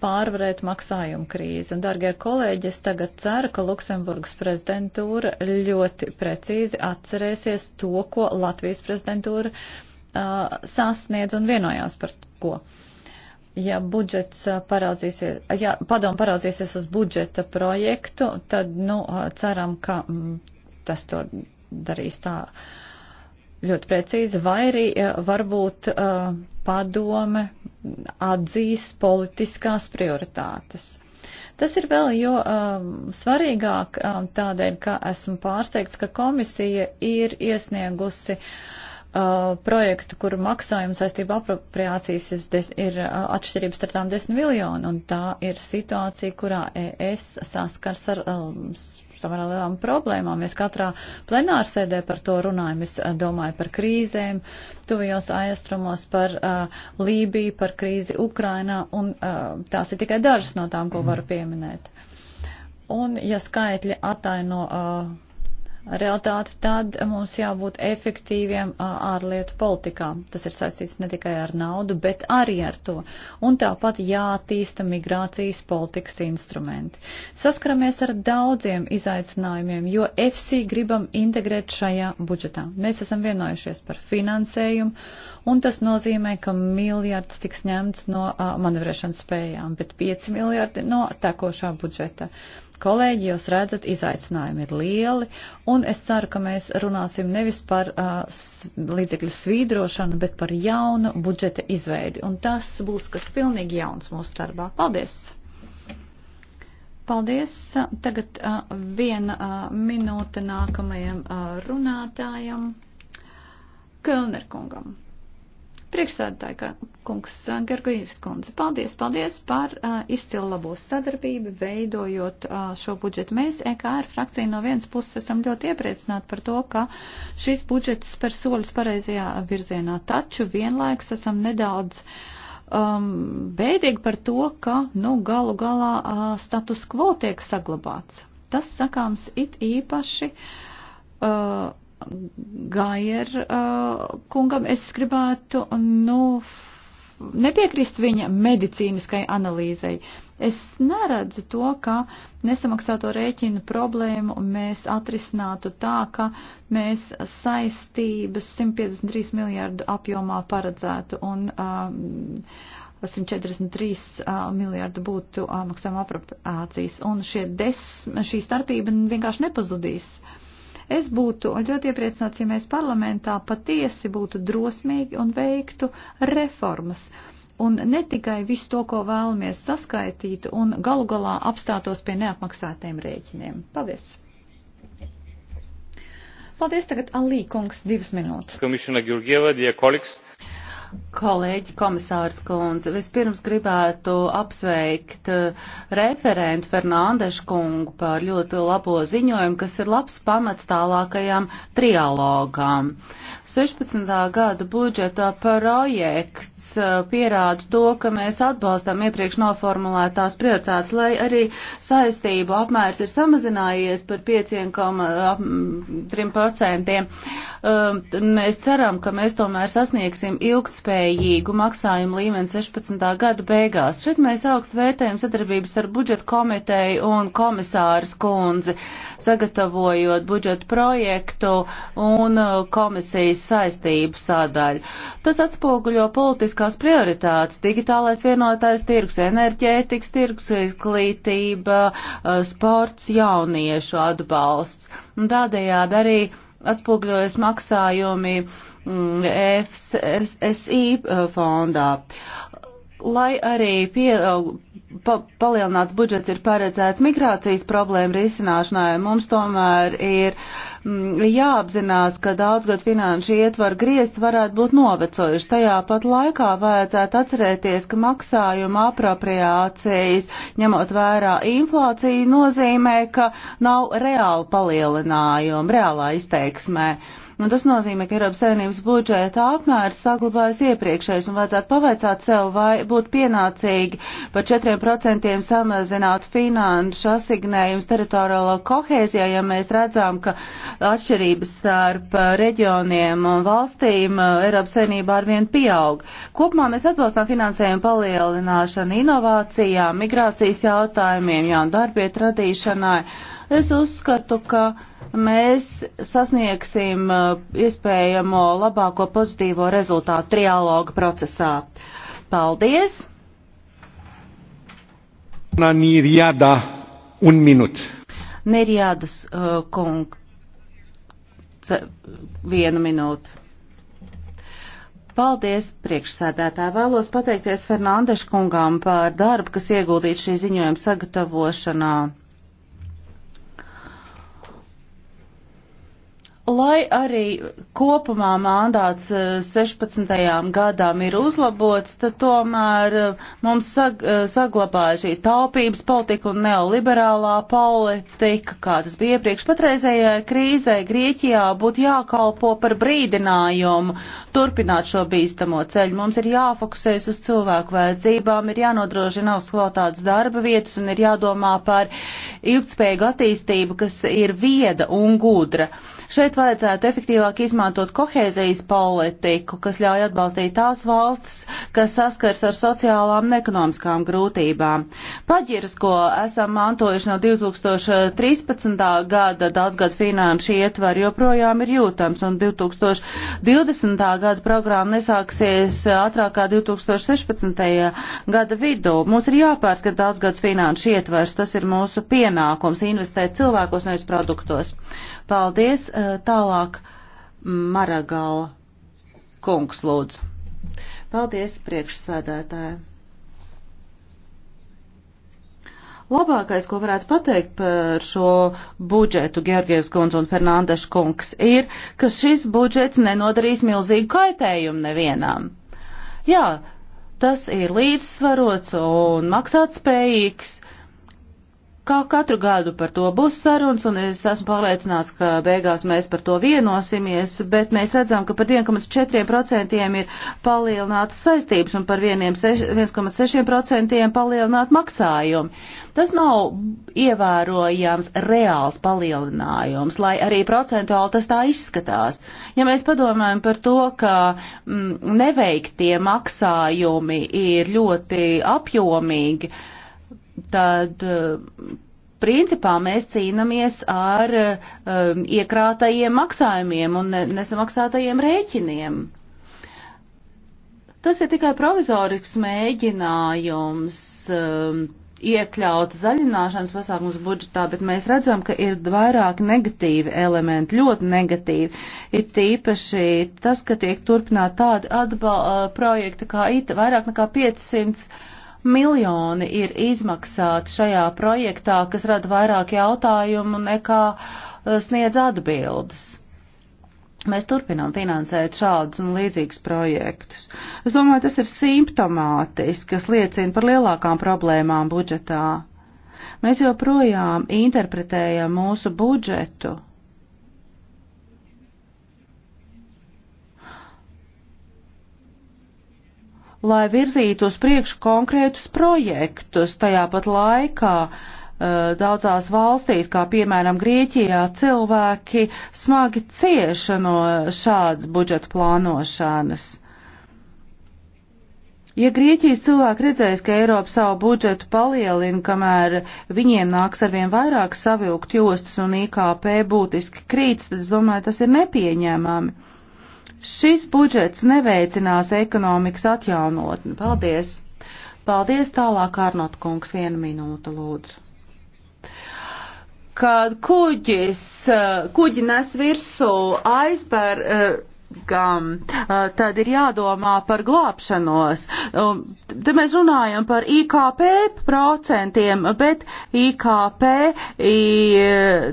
pārvarēt maksājumu krīzi. Un, dargie kolēģi, es tagad ceru, ka Luksemburgas prezidentūra ļoti precīzi atcerēsies to, ko Latvijas prezidentūra uh, sasniedz un vienojās par ko. Uh, Ja budžets uh, paraudzīsies, ja padom paraudzīsies uz budžeta projektu, tad, nu, uh, ceram, ka mm, tas to darīs tā ļoti precīzi, vai arī uh, varbūt padome atzīs politiskās prioritātes. Tas ir vēl jo um, svarīgāk um, tādēļ, ka esmu pārsteigts, ka komisija ir iesniegusi uh, Uh, projektu, kuru maksājums saistība apropriācijas ir uh, atšķirības starp tām 10 miljonu, un tā ir situācija, kurā es saskars ar um, samērā lielām problēmām. Mēs katrā plenārsēdē par to runājam. Es uh, domāju par krīzēm, tuvijos aiestrumos, par uh, Lībiju, par krīzi Ukrainā, un uh, tās ir tikai dažas no tām, ko varu pieminēt. Un, ja skaitļi ataino uh, realitāti, tad mums jābūt efektīviem ārlietu politikā. Tas ir saistīts ne tikai ar naudu, bet arī ar to. Un tāpat jātīsta migrācijas politikas instrumenti. Saskaramies ar daudziem izaicinājumiem, jo FC gribam integrēt šajā budžetā. Mēs esam vienojušies par finansējumu un tas nozīmē, ka miljards tiks ņemts no uh, manevrēšanas spējām, bet 5 miljardi no tekošā budžeta. Kolēģi, jūs redzat, izaicinājumi ir lieli, un es ceru, ka mēs runāsim nevis par uh, līdzekļu svīdrošanu, bet par jaunu budžeta izveidi, un tas būs kas pilnīgi jauns mūsu darbā. Paldies! Paldies. Tagad uh, viena uh, minūte nākamajam uh, runātājam, Kölnerkungam. Priekšsēdētāji, kungs Gergojevs kundze, paldies, paldies par uh, izcilu labo sadarbību, veidojot uh, šo budžetu. Mēs, EKR frakcija, no vienas puses esam ļoti iepriecināti par to, ka šis budžets spēr soļus pareizajā virzienā, taču vienlaikus esam nedaudz um, bēdīgi par to, ka, nu, galu galā uh, status quo tiek saglabāts. Tas sakāms it īpaši. Uh, Gājer uh, kungam es gribētu, nu, nepiekrist viņa medicīniskai analīzei. Es neredzu to, ka nesamaksāto rēķinu problēmu mēs atrisinātu tā, ka mēs saistības 153 miljārdu apjomā paredzētu un um, 143 uh, uh miljārdu būtu uh, maksājuma apropriācijas. Un šie des, šī starpība vienkārši nepazudīs. Uh, Es būtu ļoti iepriecināts, ja mēs parlamentā patiesi būtu drosmīgi un veiktu reformas. Un ne tikai visu to, ko vēlamies saskaitīt, un galu galā apstātos pie neapmaksātiem rēķiniem. Paldies! Paldies tagad Alī kungs divas minūtes. Komisija Georgieva, die kolēģis. Kolēģi komisārs kundze, vispirms gribētu apsveikt eh, referentu Fernandešu kungu par ļoti labo ziņojumu, kas ir labs pamats tālākajām trialogām. 16. gada budžeta projekts eh, pierāda to, ka mēs atbalstām iepriekš noformulētās prioritātes, lai arī saistību apmērs ir samazinājies par 5,3%. Eh, mēs ceram, ka mēs tomēr sasniegsim ilgts ilgspējīgu maksājumu līmeni 16. gada beigās. Šeit mēs augstu vērtējam sadarbības ar budžeta komiteju un komisāras kundzi, sagatavojot budžeta projektu un uh, komisijas saistību sādaļu. Tas atspoguļo politiskās prioritātes - digitālais vienotais tirgus, enerģētikas tirgus, izglītība, uh, sports, jauniešu atbalsts. Un tādējādi arī atspūgļojas maksājumi Mm, FSI eh, fondā. Lai arī pie, eh, pa, palielināts budžets ir paredzēts migrācijas problēmu risināšanai, mums tomēr ir mm, jāapzinās, ka daudzgad finanšu ietvaru griezt varētu būt novecojuši. Tajā pat laikā vajadzētu atcerēties, ka maksājuma apropriācijas, ņemot vērā inflāciju, nozīmē, ka nav reāla palielinājuma, reālā izteiksmē. Uh, Nu, tas nozīmē, ka Eiropas Savienības budžeta apmērs saglabājas iepriekšējais un vajadzētu pavaicāt sev, vai būtu pienācīgi par 4% samazināt finanšu asignējumus teritoriālo kohēzijā, ja mēs redzam, ka atšķirības starp reģioniem un valstīm uh, Eiropas Savienībā arvien pieaug. Kopumā mēs atbalstām finansējumu palielināšanu inovācijām, migrācijas jautājumiem, jaunu darbiet radīšanai. Es uzskatu, ka mēs sasniegsim uh, iespējamo labāko pozitīvo rezultātu trialoga procesā. Paldies! Nirjāda un minūte. Nirjādas uh, kung, C vienu minūtu. Paldies, priekšsēdētāji. Vēlos pateikties Fernandešu kungām par darbu, kas ieguldīts šī ziņojuma sagatavošanā. Lai arī kopumā mandāts 16. Eh, gadām ir uzlabots, tad tomēr eh, mums sag eh, saglabāja šī taupības politika un neoliberālā politika, kā tas bija iepriekš. Patreizējai krīzē Grieķijā būtu jākalpo par brīdinājumu turpināt šo bīstamo ceļu. Mums ir jāfokusēs uz cilvēku vajadzībām, ir jānodrošina augsts kvalitātes darba vietas un ir jādomā par ilgtspējīgu attīstību, kas ir vieda un gudra. Šeit vajadzētu efektīvāk izmantot kohēzijas politiku, kas ļauj atbalstīt tās valstis, kas saskars ar sociālām un ekonomiskām grūtībām. Paģirs, ko esam mantojuši no 2013. gada daudzgad finanšu ietvaru, joprojām ir jūtams, un 2020. gada programma nesāksies ātrākā 2016. gada vidū. Mums ir jāpārskata daudzgads finanšu ietvers, tas ir mūsu pienākums investēt cilvēkos, nevis produktos. Paldies. Eh, tālāk Maragala kungs lūdzu. Paldies priekšsēdētāji. Labākais, ko varētu pateikt par šo budžetu, Georgievs kundz un Fernandes kungs, ir, ka šis budžets nenodarīs milzīgu kaitējumu nevienam. Jā, tas ir līdzsvarots un maksātspējīgs. spējīgs Kā katru gadu par to būs sarunas, un es esmu pārliecināts, ka beigās mēs par to vienosimies, bet mēs redzam, ka par 1,4% ir palielinātas saistības un par 1,6% palielināt maksājumi. Tas nav ievērojams reāls palielinājums, lai arī procentuāli tas tā izskatās. Ja mēs padomājam par to, ka mm, neveiktie maksājumi ir ļoti apjomīgi, uh, tad eh, principā mēs cīnāmies ar um, iekrātajiem maksājumiem un nesamaksātajiem rēķiniem. Tas ir tikai provizorisks mēģinājums um, iekļaut zaļināšanas pasākums budžetā, bet mēs redzam, ka ir vairāk negatīvi elementi, ļoti negatīvi. Ir tīpaši tas, ka tiek turpināt tādi atbal, projekti kā IT, vairāk nekā 500 miljoni ir izmaksāti šajā projektā, kas rada vairāk jautājumu nekā eh, sniedz atbildes. Mēs turpinām finansēt šādus un līdzīgus projektus. Es domāju, tas ir simptomātiski, kas liecina par lielākām problēmām budžetā. Mēs joprojām interpretējam mūsu budžetu lai virzītu uz priekšu konkrētus projektus. Tajā pat laikā eh, daudzās valstīs, kā piemēram Grieķijā, cilvēki smagi cieši no šādas budžeta plānošanas. Ja Grieķijas cilvēki redzēs, ka Eiropa savu budžetu palielina, kamēr viņiem nāks arvien vairāk savilkt jostas un IKP būtiski krīts, tad es domāju, tas ir nepieņēmami. Šis budžets neveicinās ekonomikas atjaunotni. Paldies! Paldies tālāk, Arnot kungs, vienu minūtu lūdzu. Kad kuģis, eh, kuģi nes virsū aizbēr, eh, cilvēkam, tad ir jādomā par glābšanos. Um, te mēs runājam par IKP procentiem, bet IKP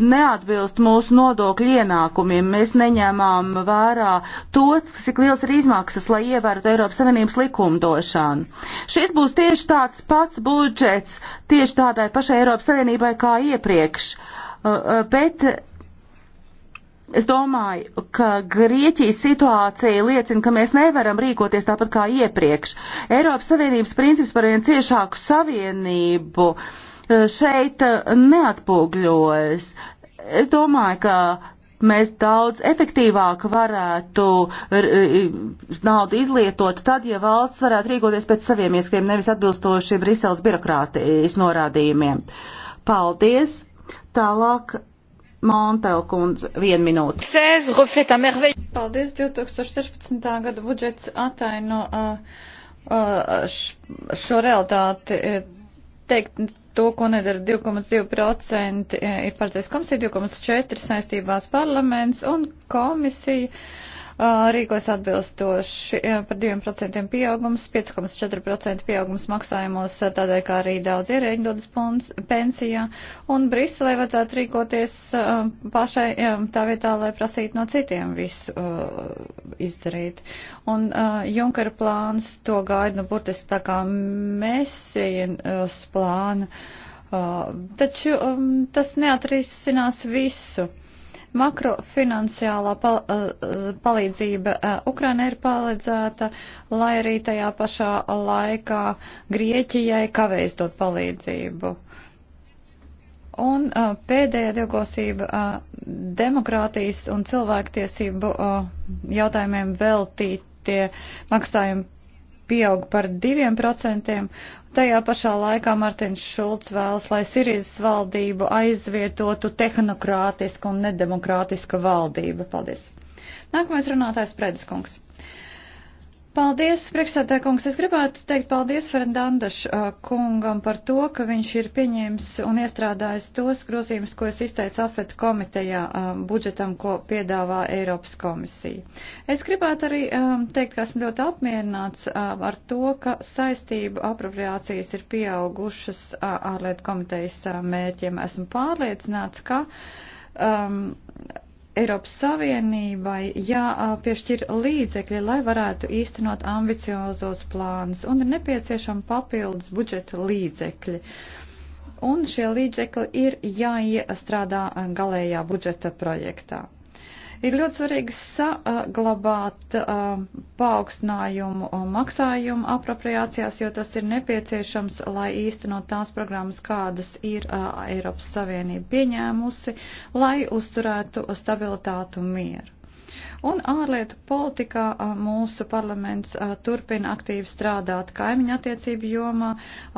neatbilst mūsu nodokļu ienākumiem. Mēs neņemam vērā to, cik liels ir izmaksas, lai ievērotu Eiropas Savienības likumdošanu. Šis būs tieši tāds pats budžets, tieši tādai pašai Eiropas Savienībai kā iepriekš. Uh, uh, bet Es domāju, ka Grieķijas situācija liecina, ka mēs nevaram rīkoties tāpat kā iepriekš. Eiropas Savienības princips par vien ciešāku savienību e, šeit e, neatspūgļojas. Es domāju, ka mēs daudz efektīvāk varētu naudu izlietot tad, ja valsts varētu rīkoties pēc saviem ieskatiem, nevis atbilstoši Briseles birokrātijas norādījumiem. Paldies! Tālāk Montelkundze, vienu minūti. Paldies, 2016. gada budžets ataino uh, uh, šo realitāti. Teikt to, ko nedara 2,2% ir paredzējis komisija, 2,4% saistībās parlaments un komisija. Uh, rīkojas atbilstoši par 2% pieaugums, 5,4% pieaugums maksājumos, tādēļ kā arī daudz ierēģi dodas pensijā. Un Briselē vajadzētu rīkoties pašai tā vietā, lai prasītu no citiem visu izdarīt. Un Junkara plāns to gaida, nu, burtiski tā kā mēsijas plānu. Taču tas neatrisinās visu Makrofinansiālā pal eh, palīdzība eh, Ukraina ir palīdzēta, lai arī tajā pašā laikā Grieķijai kavējas dot palīdzību. Un uh, pēdējā divkosība uh, demokrātijas un cilvēktiesību uh, jautājumiem veltītie maksājumi pieaug par 2%. Tajā pašā laikā Martins Šulcs vēlas, lai Sirijas valdību aizvietotu tehnokrātiska un nedemokrātiska valdība. Paldies. Nākamais runātājs Prediskungs. Paldies, priekšsētā kungs. Es gribētu teikt paldies Fernandaš kungam par to, ka viņš ir pieņēmis un iestrādājis tos grozījumus, ko es izteicu AFET komitejā budžetam, ko piedāvā Eiropas komisija. Es gribētu arī teikt, ka esmu ļoti apmierināts ar to, ka saistību apropriācijas ir pieaugušas ārlietu komitejas mērķiem. Esmu pārliecināts, ka. Um, Eiropas Savienībai jāpiešķir līdzekļi, lai varētu īstenot ambiciozos plānus, un ir nepieciešama papildus budžeta līdzekļi. Un šie līdzekļi ir jāiestrādā galējā budžeta projektā. Ir ļoti svarīgi saglabāt paaugstinājumu maksājumu apropriācijās, jo tas ir nepieciešams, lai īstenot tās programmas, kādas ir Eiropas Savienība pieņēmusi, lai uzturētu stabilitātu un mieru. Un ārlietu politikā mūsu parlaments turpina aktīvi strādāt kaimiņu attiecību jomā,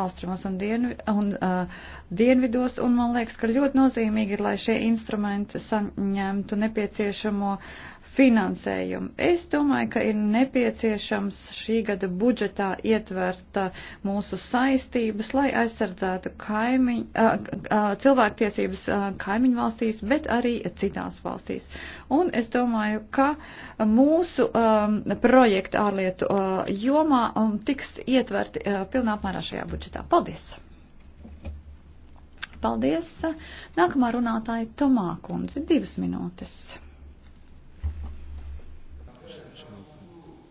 austrumos un, dienvi, un uh, dienvidos, un man liekas, ka ļoti nozīmīgi ir, lai šie instrumenti saņemtu nepieciešamo uh, finansējumu. Es domāju, ka ir nepieciešams šī gada budžetā ietvert uh, mūsu saistības, lai aizsardzētu kaimiņ, uh, uh, cilvēktiesības kaimiņu valstīs, bet arī citās valstīs. Un es domāju, ka mūsu um, projekta ārlietu jomā um, tiks ietverti pilnā apmērā šajā budžetā. Paldies! Paldies! Nākamā runātāja Tomā kundze, divas minūtes.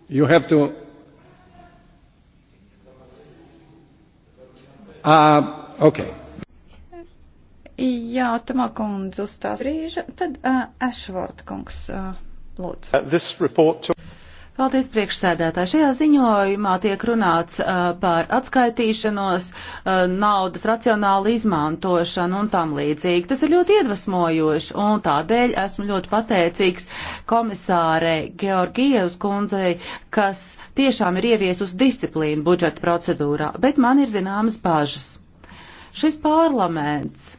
You have to. Uh, okay. Jā, Tamā kundze uzstās brīža, tad uh, Ashford kungs uh, lūdzu. Uh, Paldies priekšsēdētāji. Šajā ziņojumā tiek runāts uh, par atskaitīšanos, uh, naudas racionālu izmantošanu un tam līdzīgi. Tas ir ļoti iedvesmojoši un tādēļ esmu ļoti pateicīgs komisārei Georgievas kundzei, kas tiešām ir ieviesus disciplīnu budžeta procedūrā, bet man ir zināmas bažas. Šis parlaments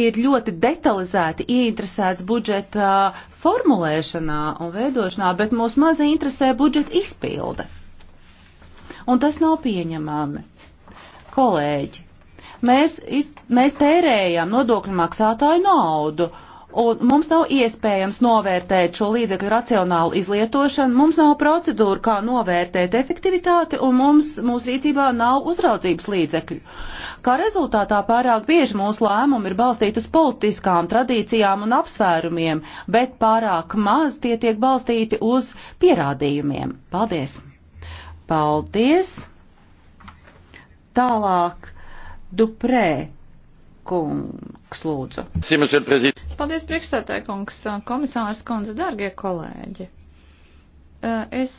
ir ļoti detalizēti ieinteresēts budžeta formulēšanā un veidošanā, bet mūs maz interesē budžeta izpilde. Un tas nav pieņemami. Kolēģi, mēs, iz, mēs tērējam nodokļu maksātāju naudu. Uh, Un mums nav iespējams novērtēt šo līdzekļu racionālu izlietošanu, mums nav procedūra, kā novērtēt efektivitāti, un mums mūsu rīcībā nav uzraudzības līdzekļu. Kā rezultātā pārāk bieži mūsu lēmumi ir balstīti uz politiskām tradīcijām un apsvērumiem, bet pārāk maz tie tiek balstīti uz pierādījumiem. Paldies! Paldies! Tālāk, Duprē kungs lūdzu paldies priekšstādāja kungs, komisārs kundze, dārgie kolēģi. Es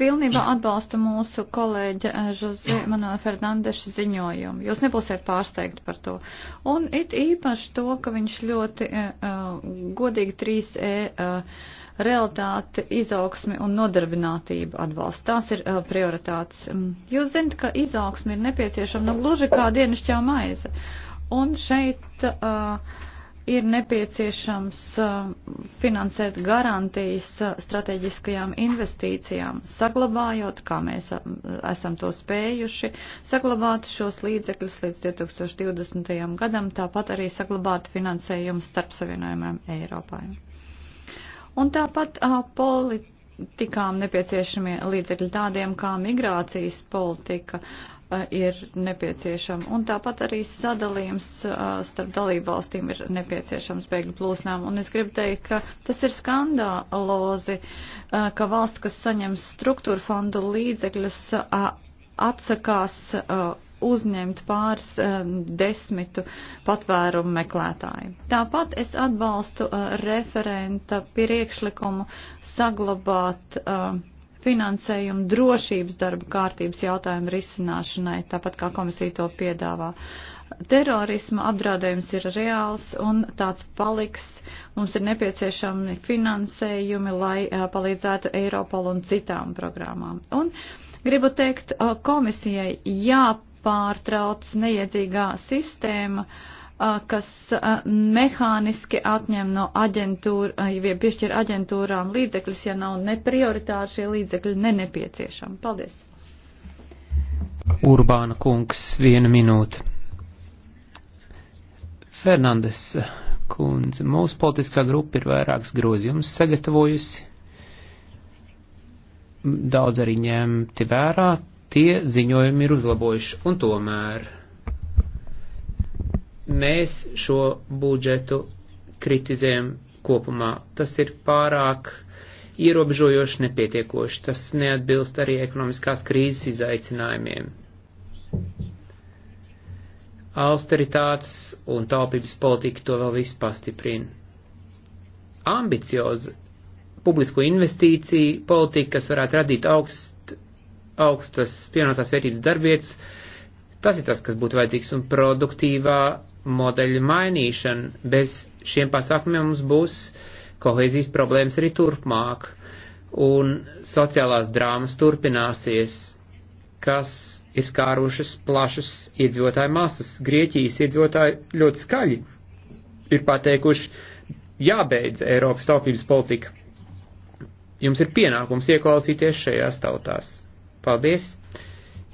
pilnībā atbalstu mūsu kolēģa Žozi Manuela Fernandeša ziņojumu. Jūs nebūsiet pārsteigti par to. Un it īpaši to, ka viņš ļoti uh, godīgi 3E uh, realitāti, izaugsmi un nodarbinātību atbalsta. Tās ir uh, prioritātes. Jūs zinat, ka izaugsmi ir nepieciešama nu, gluži kā dienasčā maize. Uh, Un šeit uh, ir nepieciešams uh, finansēt garantijas uh, strateģiskajām investīcijām, saglabājot, kā mēs uh, esam to spējuši, saglabāt šos līdzekļus līdz 2020. gadam, tāpat arī saglabāt finansējumu starp savienojumiem Eiropā. Un tāpat uh, politikām nepieciešamie līdzekļi tādiem kā migrācijas politika ir nepieciešama. Un tāpat arī sadalījums starp dalību valstīm ir nepieciešams bēgļu plūsmām. Un es gribu teikt, ka tas ir skandalozi, ka valsts, kas saņem struktūra fondu līdzekļus, atsakās uzņemt pāris desmitu patvērumu meklētāju. Tāpat es atbalstu referenta priekšlikumu saglabāt uh, finansējumu drošības darba kārtības jautājumu risināšanai, tāpat kā komisija to piedāvā. Terorisma apdraudējums ir reāls un tāds paliks. Mums ir nepieciešami finansējumi, lai palīdzētu Eiropol un citām programmām. Un gribu teikt komisijai jāpārtrauc neiedzīgā sistēma. Uh, kas mehāniski atņem no aģentūra, ja piešķir aģentūrām līdzekļus, ja nav neprioritāri šie līdzekļi nenepieciešami. Paldies. Urbāna kungs, viena minūte. Fernandes kundze, mūsu politiskā grupa ir vairākas grozījumus sagatavojusi. Daudz arī ņemti vērā, tie ziņojumi ir uzlabojuši, un tomēr Mēs šo budžetu kritizējam kopumā. Tas ir pārāk ierobežojoši nepietiekoši. Tas neatbilst arī ekonomiskās krīzes izaicinājumiem. Austeritātes un taupības politika to vēl visu pastiprina. Ambicioza publisko investīciju politika, kas varētu radīt augst, augstas pienotās vērtības darbietas, tas ir tas, kas būtu vajadzīgs un produktīvā modeļu mainīšana. Bez šiem pasākumiem mums būs kohēzijas problēmas arī turpmāk, un sociālās drāmas turpināsies, kas ir skārušas plašas iedzīvotāju masas. Grieķijas iedzīvotāji ļoti skaļi ir pateikuši, jābeidz Eiropas taupības politika. Jums ir pienākums ieklausīties šajās tautās. Paldies!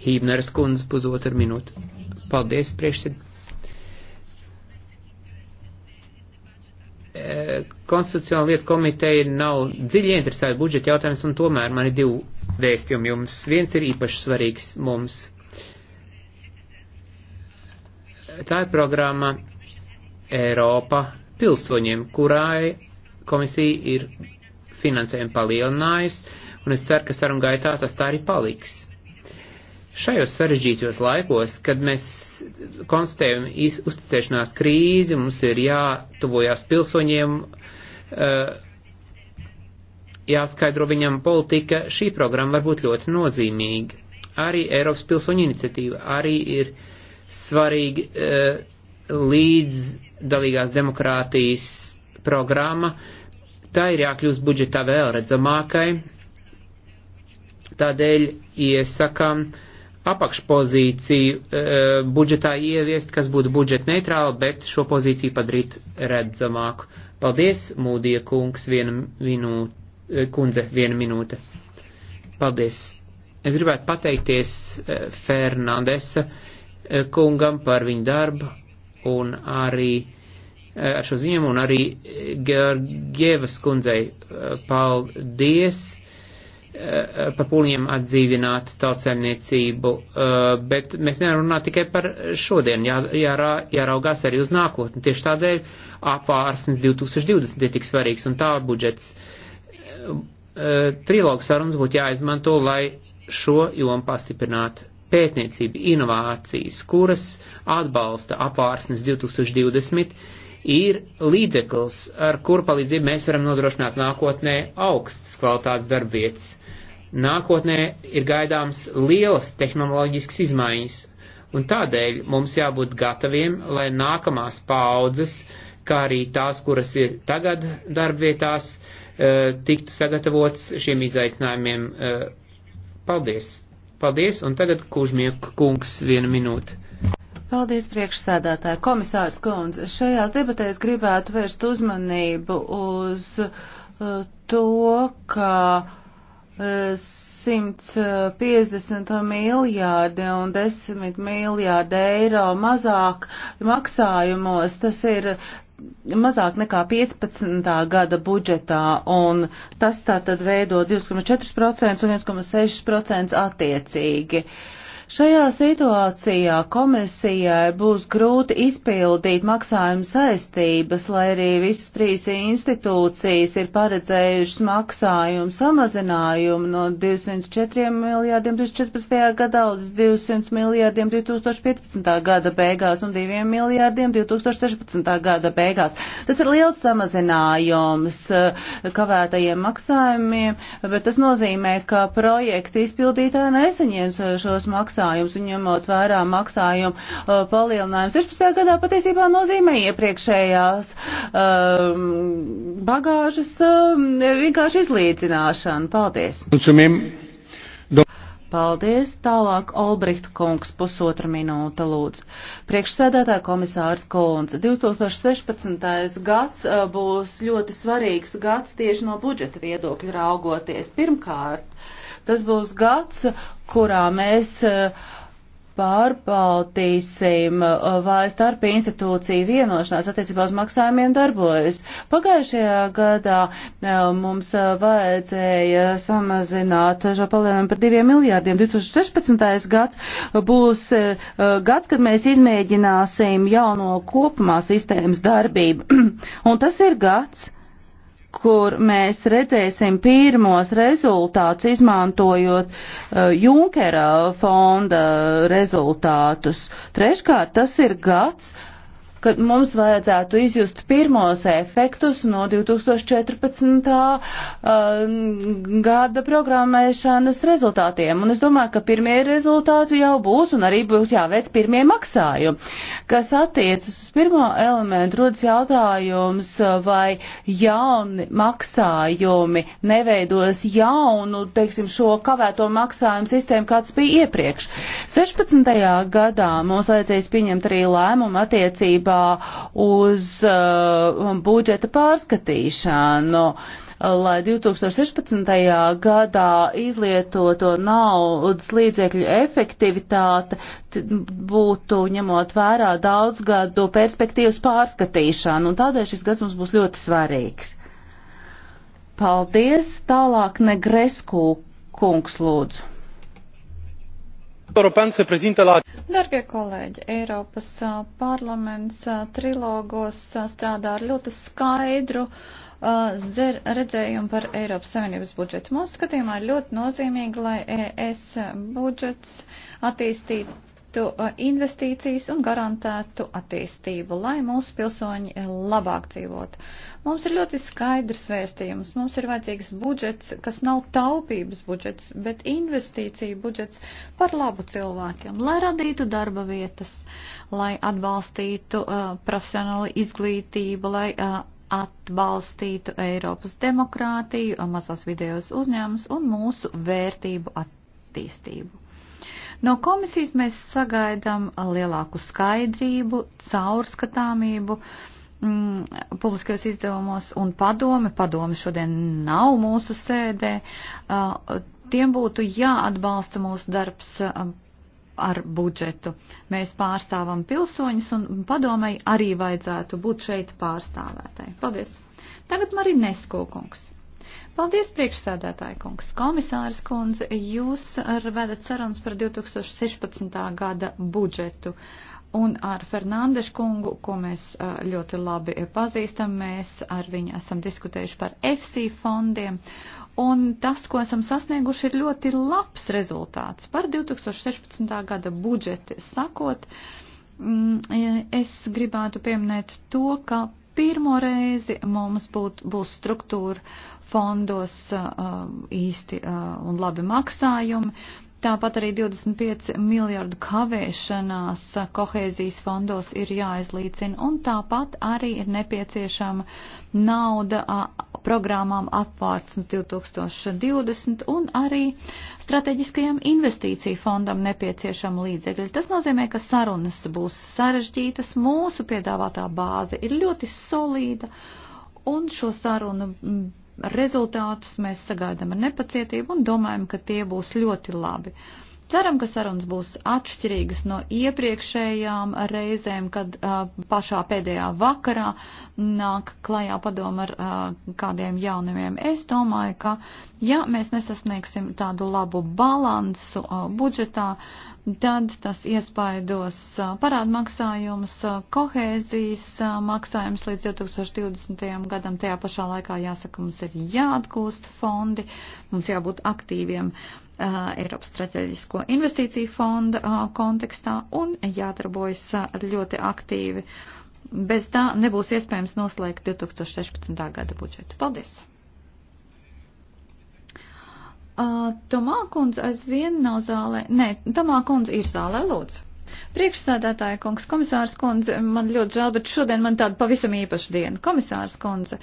Hībneres kundze pusotra minūte. Paldies, priekšsēdētāji! Konstitucionāla lieta komiteja nav dziļi interesēta budžeta jautājums, un tomēr man ir divi vēstījumi jums. Viens ir īpaši svarīgs mums. Tā ir programma Eiropa pilsoņiem, kurai komisija ir finansējumu palielinājusi, un es ceru, ka sarunu gaitā tas tā arī paliks. Šajos sarežģītos laikos, kad mēs konstatējam uzticēšanās krīzi, mums ir jātuvojās pilsoņiem, eh, jāskaidro viņam politika, šī programma var būt ļoti nozīmīga. Arī Eiropas pilsoņu iniciatīva arī ir svarīga eh, līdzdalīgās demokrātijas programma. Tā ir jākļūst budžetā vēl redzamākai. Tādēļ iesakām ja apakšpozīciju e, budžetā ieviest, kas būtu budžeta neitrāla, bet šo pozīciju padarīt redzamāku. Paldies, Mūdie kungs, viena minūte, e, kundze, viena minūte. Paldies. Es gribētu pateikties e, Fernandesa e, kungam par viņu darbu un arī e, ar šo ziņu un arī Georgievas kundzei e, paldies Eh, par pūliņiem atdzīvināt tautsēmniecību, eh, bet mēs nevaram runāt tikai par šodien, jā, jārā, jāraugās arī uz nākotni. Tieši tādēļ apvārsnes 2020 ir tik svarīgs un tā budžets. Eh, trilogu sarunas būtu jāizmanto, lai šo jomu pastiprinātu pētniecību, inovācijas, kuras atbalsta apvārsnes 2020 ir līdzeklis, ar kuru palīdzību mēs varam nodrošināt nākotnē augstas kvalitātes darbvietas. Nākotnē ir gaidāms lielas tehnoloģiskas izmaiņas, un tādēļ mums jābūt gataviem, lai nākamās paudzes, kā arī tās, kuras ir tagad darbvietās, eh, tiktu sagatavots šiem izaicinājumiem. Eh, paldies! Paldies, un tagad Kūžmieka kungs vienu minūti. Paldies, priekšsēdētāji. Komisārs Kunz, šajās debatēs gribētu vērst uzmanību uz eh, to, ka 150 miljārdi un 10 miljārdi eiro mazāk maksājumos. Tas ir mazāk nekā 15. gada budžetā, un tas tā tad veido 2,4% un 1,6% attiecīgi. Uh, Šajā situācijā komisijai būs grūti izpildīt maksājuma saistības, lai arī visas trīs institūcijas ir paredzējušas maksājumu samazinājumu no 204 miljārdiem 2014. gadā līdz 200 miljārdiem 2015. gada beigās un 2 miljārdiem 2016. gada beigās. Tas ir liels samazinājums eh, kavētajiem maksājumiem, bet tas nozīmē, ka projekta izpildītāji neseņems eh, šos maksājumus maksājums un ņemot vērā maksājumu uh, palielinājumu 16. gadā patiesībā nozīmē iepriekšējās um, bagāžas um, vienkārši izlīdzināšanu. Paldies! Sumim. Paldies! Tālāk Olbricht kungs pusotra minūte lūdz. Priekšsēdētā komisārs Kolons, 2016. gads uh, būs ļoti svarīgs gads tieši no budžeta viedokļa raugoties. Pirmkārt, Tas būs gads, kurā mēs eh, pārbaudīsim, eh, vai starp institūciju vienošanās attiecībā uz maksājumiem darbojas. Pagājušajā gadā eh, mums vajadzēja samazināt šo palielinājumu par diviem miljārdiem. 2016. gads būs gads, kad mēs izmēģināsim jauno kopumā sistēmas darbību. [clears throat] Un tas ir gads, kur mēs redzēsim pirmos rezultātus, izmantojot uh, Junkera fonda rezultātus. Treškārt, tas ir gads, uh, ka mums vajadzētu izjust pirmos efektus no 2014. Um, gada programmēšanas rezultātiem. Un es domāju, ka pirmie rezultāti jau būs un arī būs jāveic pirmie maksājumi. Kas attiecas uz pirmo elementu, rodas jautājums, vai jauni maksājumi neveidos jaunu, teiksim, šo kavēto maksājumu sistēmu, kāds bija iepriekš. 16. gadā mums vajadzēs pieņemt arī lēmumu attiecībā attiecībā uz uh, budžeta pārskatīšanu uh, lai 2016. gadā izlietoto naudas līdzekļu efektivitāte būtu ņemot vērā daudz gadu perspektīvas pārskatīšanu, un tādēļ šis gads mums būs ļoti svarīgs. Paldies, tālāk Negresku kungs lūdzu. European se prezintă la... Dargie kolēģi, Eiropas parlaments trilogos strādā ar ļoti skaidru uh, redzējumu par Eiropas Savienības budžetu. Mūsu skatījumā ir ļoti nozīmīgi, lai ES budžets attīstītu veiktu investīcijas un garantētu attīstību, lai mūsu pilsoņi e, labāk dzīvotu. Mums ir ļoti skaidrs vēstījums. Mums ir vajadzīgs budžets, kas nav taupības budžets, bet investīcija budžets par labu cilvēkiem, lai radītu darba vietas, lai atbalstītu uh, profesionālu izglītību, lai uh, atbalstītu Eiropas demokrātiju, mazos vidējos uzņēmumus un mūsu vērtību attīstību. No komisijas mēs sagaidām lielāku skaidrību, caurskatāmību mm, publiskajos izdevumos un padome. Padome šodien nav mūsu sēdē. Uh, tiem būtu jāatbalsta mūsu darbs ar budžetu. Mēs pārstāvam pilsoņus un padomai arī vajadzētu būt šeit pārstāvētai. Paldies. Tagad Marinesko kungs. Paldies, priekšsēdētāji kungs. Komisāris kundze, jūs vedat sarunas par 2016. gada budžetu. Un ar Fernandešu kungu, ko mēs ļoti labi pazīstam, mēs ar viņu esam diskutējuši par FC fondiem. Un tas, ko esam sasnieguši, ir ļoti labs rezultāts. Par 2016. gada budžeti sakot, mm, es gribētu pieminēt to, ka pirmo reizi mums būt, būs struktūra fondos uh, īsti uh, un labi maksājumi. Tāpat arī 25 miljardu kavēšanās kohēzijas fondos ir jāizlīdzina, un tāpat arī ir nepieciešama nauda uh, programmām apvārtsnes 2020 un arī strateģiskajam investīciju fondam nepieciešama līdzekļa. Tas nozīmē, ka sarunas būs sarežģītas, mūsu piedāvātā bāze ir ļoti solīda, un šo sarunu Rezultātus mēs sagaidām ar nepacietību un domājam, ka tie būs ļoti labi. Uh, Ceram, ka sarunas būs atšķirīgas no iepriekšējām reizēm, kad uh, pašā pēdējā vakarā nāk klajā padoma ar uh, kādiem jaunumiem. Es domāju, ka ja mēs nesasniegsim tādu labu balansu uh, budžetā, tad tas iespaidos uh, parādmaksājums, uh, kohēzijas uh, maksājums līdz 2020. gadam. Tajā pašā laikā jāsaka, mums ir jāatgūst fondi, mums jābūt aktīviem. Uh, Eiropas strateģisko investīciju fonda uh, kontekstā un jādarbojas uh, ļoti aktīvi. Bez tā nebūs iespējams noslēgt 2016. gada budžetu. Paldies! Uh, Tomā kundze aizvien nav zālē. Nē, Tomā kundze ir zālē, lūdzu. Priekšsādātāja kungs, komisārs kundze, man ļoti žēl, bet šodien man tāda pavisam īpaša diena. Komisārs kundze,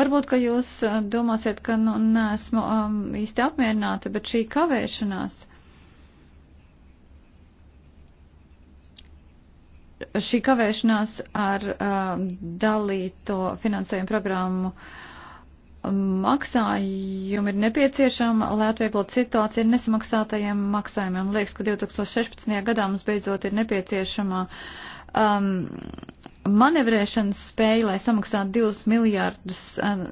varbūt, ka jūs uh, domāsiet, ka nu, neesmu um, īsti apmierināta, bet šī kavēšanās. Šī kavēšanās ar uh, um, dalīto finansējumu programmu uh, maksājumi ir nepieciešama, lai atvieglot situāciju ar nesamaksātajiem maksājumiem. Liekas, ka 2016. gadā mums beidzot ir nepieciešama um, manevrēšanas spēja, lai samaksātu 2 miljārdus um,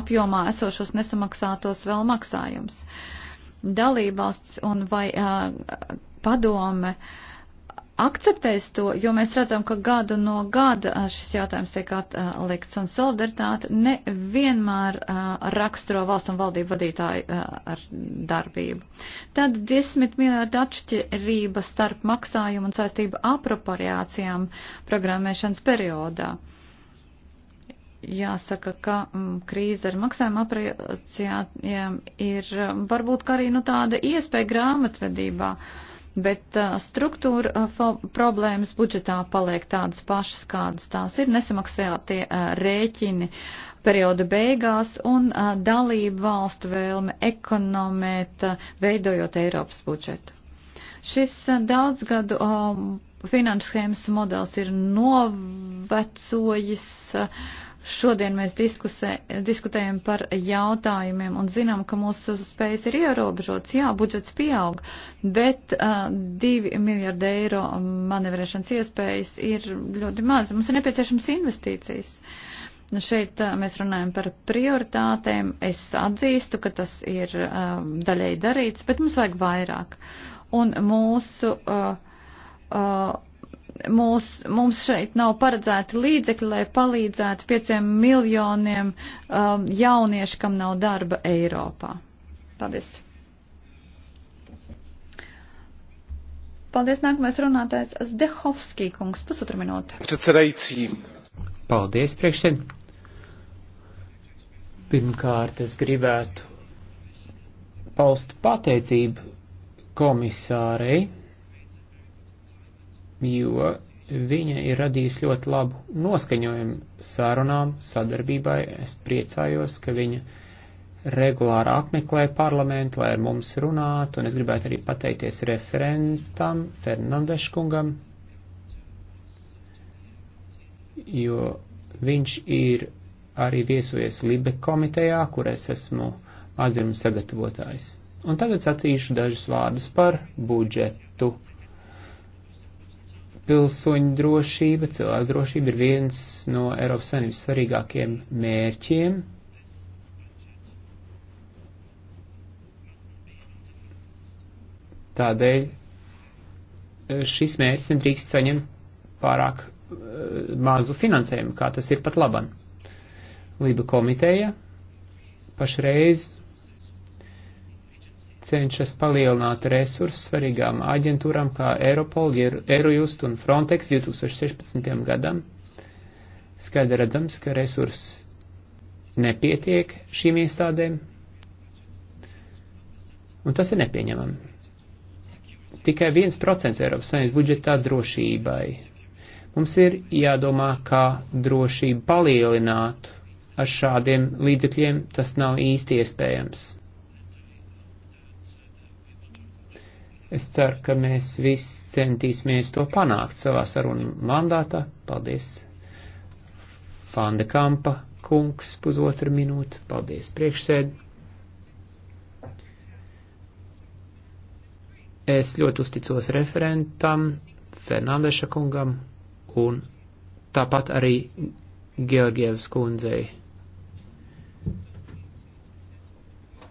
apjomā esošos nesamaksātos vēl maksājumus. Dalībvalsts un vai uh, padome uh, akceptēs to, jo mēs redzam, ka gadu no gada šis jautājums tiek atlikts, un solidaritāte nevienmēr raksturo valstu un valdību vadītāju ar darbību. Tad desmit miljārdi atšķirība starp maksājumu un saistību apropriācijām programmēšanas periodā. Jāsaka, ka m, krīze ar maksājuma apropriācijām ir varbūt arī nu, tāda iespēja grāmatvedībā. Uh, bet uh, struktūra uh, problēmas budžetā paliek tādas pašas, kādas tās ir. Nesamaksātie uh, rēķini perioda beigās un uh, dalība valstu vēlme ekonomēt, uh, veidojot Eiropas budžetu. Šis uh, daudzgadu uh, finanšu schēmas modelis ir novecojis. Uh, Šodien mēs diskusē, diskutējam par jautājumiem un zinām, ka mūsu spējas ir ierobežotas. Jā, budžets pieaug, bet uh, 2 miljārdi eiro manevrēšanas iespējas ir ļoti maz. Mums ir nepieciešams investīcijas. Nu, šeit uh, mēs runājam par prioritātēm. Es atzīstu, ka tas ir uh, daļai darīts, bet mums vajag vairāk. Un mūsu. Uh, uh, mūs, mums šeit nav paredzēti līdzekļi, lai palīdzētu pieciem miljoniem um, jauniešu, kam nav darba Eiropā. Paldies. Paldies, nākamais runātājs Zdehovskī kungs, pusotra minūte. Predsedajcī. Paldies, priekšsēd. Pirmkārt, es gribētu paust pateicību komisārei jo viņa ir radījusi ļoti labu noskaņojumu sarunām, sadarbībai. Es priecājos, ka viņa regulāri apmeklē parlamentu, lai ar mums runātu, un es gribētu arī pateikties referentam Fernandeškungam, jo viņš ir arī viesojies Libe komitejā, kur es esmu atzinuma sagatavotājs. Un tagad sacīšu dažus vārdus par budžetu pilsoņu drošība, cilvēku drošība ir viens no Eiropas Savienības svarīgākiem mērķiem. Tādēļ e, šis mērķis nedrīkst saņemt pārāk e, mazu finansējumu, kā tas ir pat laban. Lība komiteja pašreiz cenšas palielināt resursus svarīgām aģentūrām kā Europol, Eurojust un Frontex 2016. gadam. Skaidri redzams, ka resursi nepietiek šīm iestādēm, un tas ir nepieņemami. Tikai 1% Eiropas Savienības budžetā drošībai. Mums ir jādomā, kā drošību palielināt ar šādiem līdzekļiem, tas nav īsti iespējams. Es ceru, ka mēs visi centīsimies to panākt savā sarunu mandātā. Paldies! Fanda Kampa kungs pusotra minūte. Paldies priekšsēd. Es ļoti uzticos referentam, Fernandeša kungam un tāpat arī Georgievas kundzei.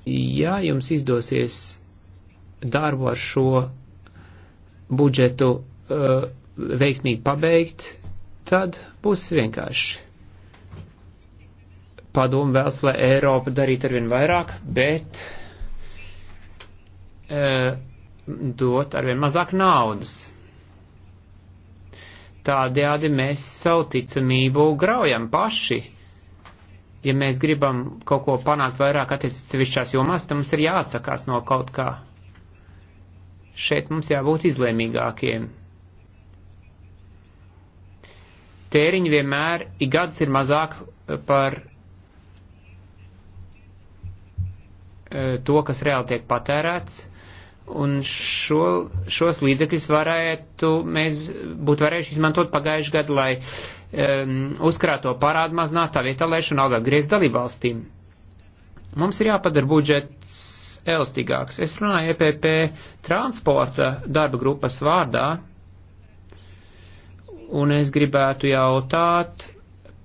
Ja jums izdosies darbu ar šo budžetu uh, veiksmīgi pabeigt, tad būs vienkārši. Padomu vēlas, lai Eiropa darītu arvien vairāk, bet uh, dot arvien mazāk naudas. Tādējādi mēs savu ticamību graujam paši. Ja mēs gribam kaut ko panākt vairāk attiecības jomās, tad mums ir jāatsakās no kaut kā Šeit mums jābūt izlēmīgākiem. Tēriņi vienmēr ik gads ir mazāk eh, par eh, to, kas reāli tiek patērēts, un šo, šos līdzekļus varētu, mēs būtu varējuši izmantot pagājuši gadu, lai um, uzkrāto parādu mazināt tā vietā, lai šo naudu atgriezt dalībvalstīm. Mums ir jāpadara budžets elastīgāks. Es runāju EPP transporta darba grupas vārdā, un es gribētu jautāt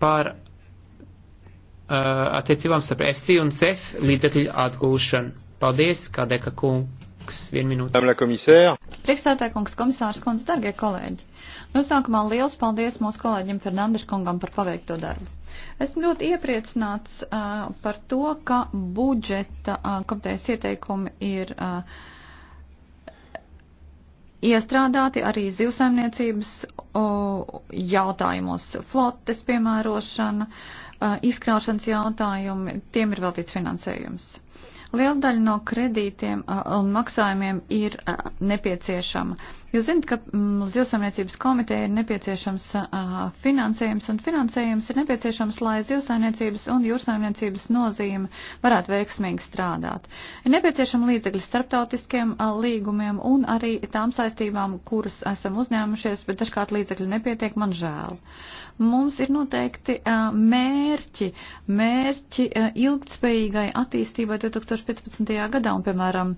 par uh, attiecībām starp FC un CEF līdzekļu atgūšanu. Paldies, Kadeka kungs, vienu minūti. Priekšstādā kungs, komisārs kungs, dargie kolēģi. Nu, sākumā liels paldies mūsu kolēģim Fernandešu kungam par paveikto darbu. Esmu ļoti iepriecināts uh, par to, ka budžeta uh, komitejas ieteikumi ir uh, iestrādāti arī zivsaimniecības uh, jautājumos - flotes piemērošana, uh, izkrāšanas jautājumi, tiem ir veltīts finansējums. Uh, Liela daļa no kredītiem un maksājumiem ir nepieciešama. Jūs zinat, ka mm, zivsaimniecības komiteja ir nepieciešams finansējums, un finansējums ir nepieciešams, lai zivsaimniecības un jūrsaimniecības nozīme varētu veiksmīgi strādāt. Ir nepieciešama līdzekļi starptautiskiem līgumiem un arī tām saistībām, kuras esam uzņēmušies, bet dažkārt līdzekļi nepietiek, man žēl. Mums ir noteikti mērķi, mērķi ilgtspējīgai attīstībai 2000. 2015. gadā un, piemēram,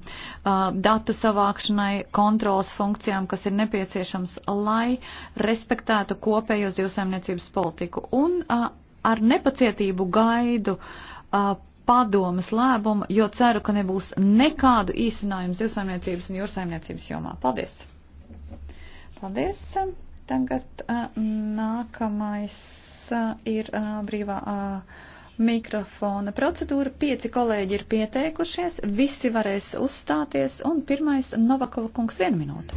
datu savākšanai, kontrols funkcijām, kas ir nepieciešams, lai respektētu kopējo zivsaimniecības politiku. Un ar nepacietību gaidu padomas lēmumu, jo ceru, ka nebūs nekādu īsinājumu zivsaimniecības un jūrsaimniecības jomā. Paldies! Paldies! Tagad nākamais ir brīvā mikrofona procedūra. Pieci kolēģi ir pieteikušies, visi varēs uzstāties, un pirmais Novakova kungs vienu minūtu.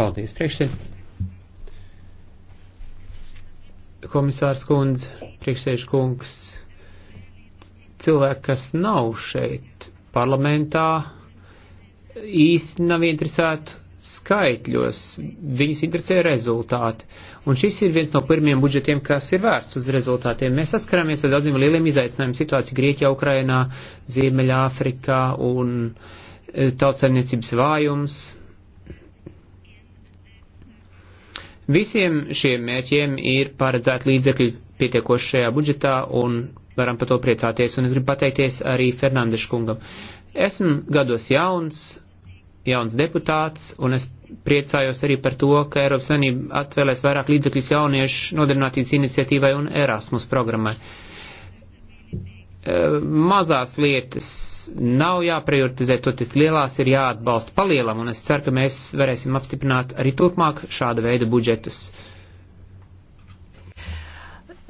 Paldies, priekšsēd. Komisārs kundz, priekšsēž kungs, cilvēki, kas nav šeit parlamentā, īsti nav interesēti skaitļos, viņus interesē rezultāti. Uh, Un šis ir viens no pirmiem budžetiem, kas ir vērsts uz rezultātiem. Mēs saskaramies ar daudziem lieliem izaicinājumiem situāciju Grieķijā, Ukrainā, Ziemeļā, Afrikā un e, tautsaimniecības vājums. Visiem šiem mērķiem ir paredzēti līdzekļi pietiekoši šajā budžetā un varam par to priecāties. Un es gribu pateikties arī Fernandeša kungam. Esmu gados jauns, jauns deputāts, un es priecājos arī par to, ka Eiropas Savienība atvēlēs vairāk līdzekļus jauniešu nodarbinātības iniciatīvai un Erasmus programmai. Eh, mazās lietas nav jāprioritizē, toties lielās ir jāatbalsta palielam, un es ceru, ka mēs varēsim apstiprināt arī turpmāk šāda veida budžetus.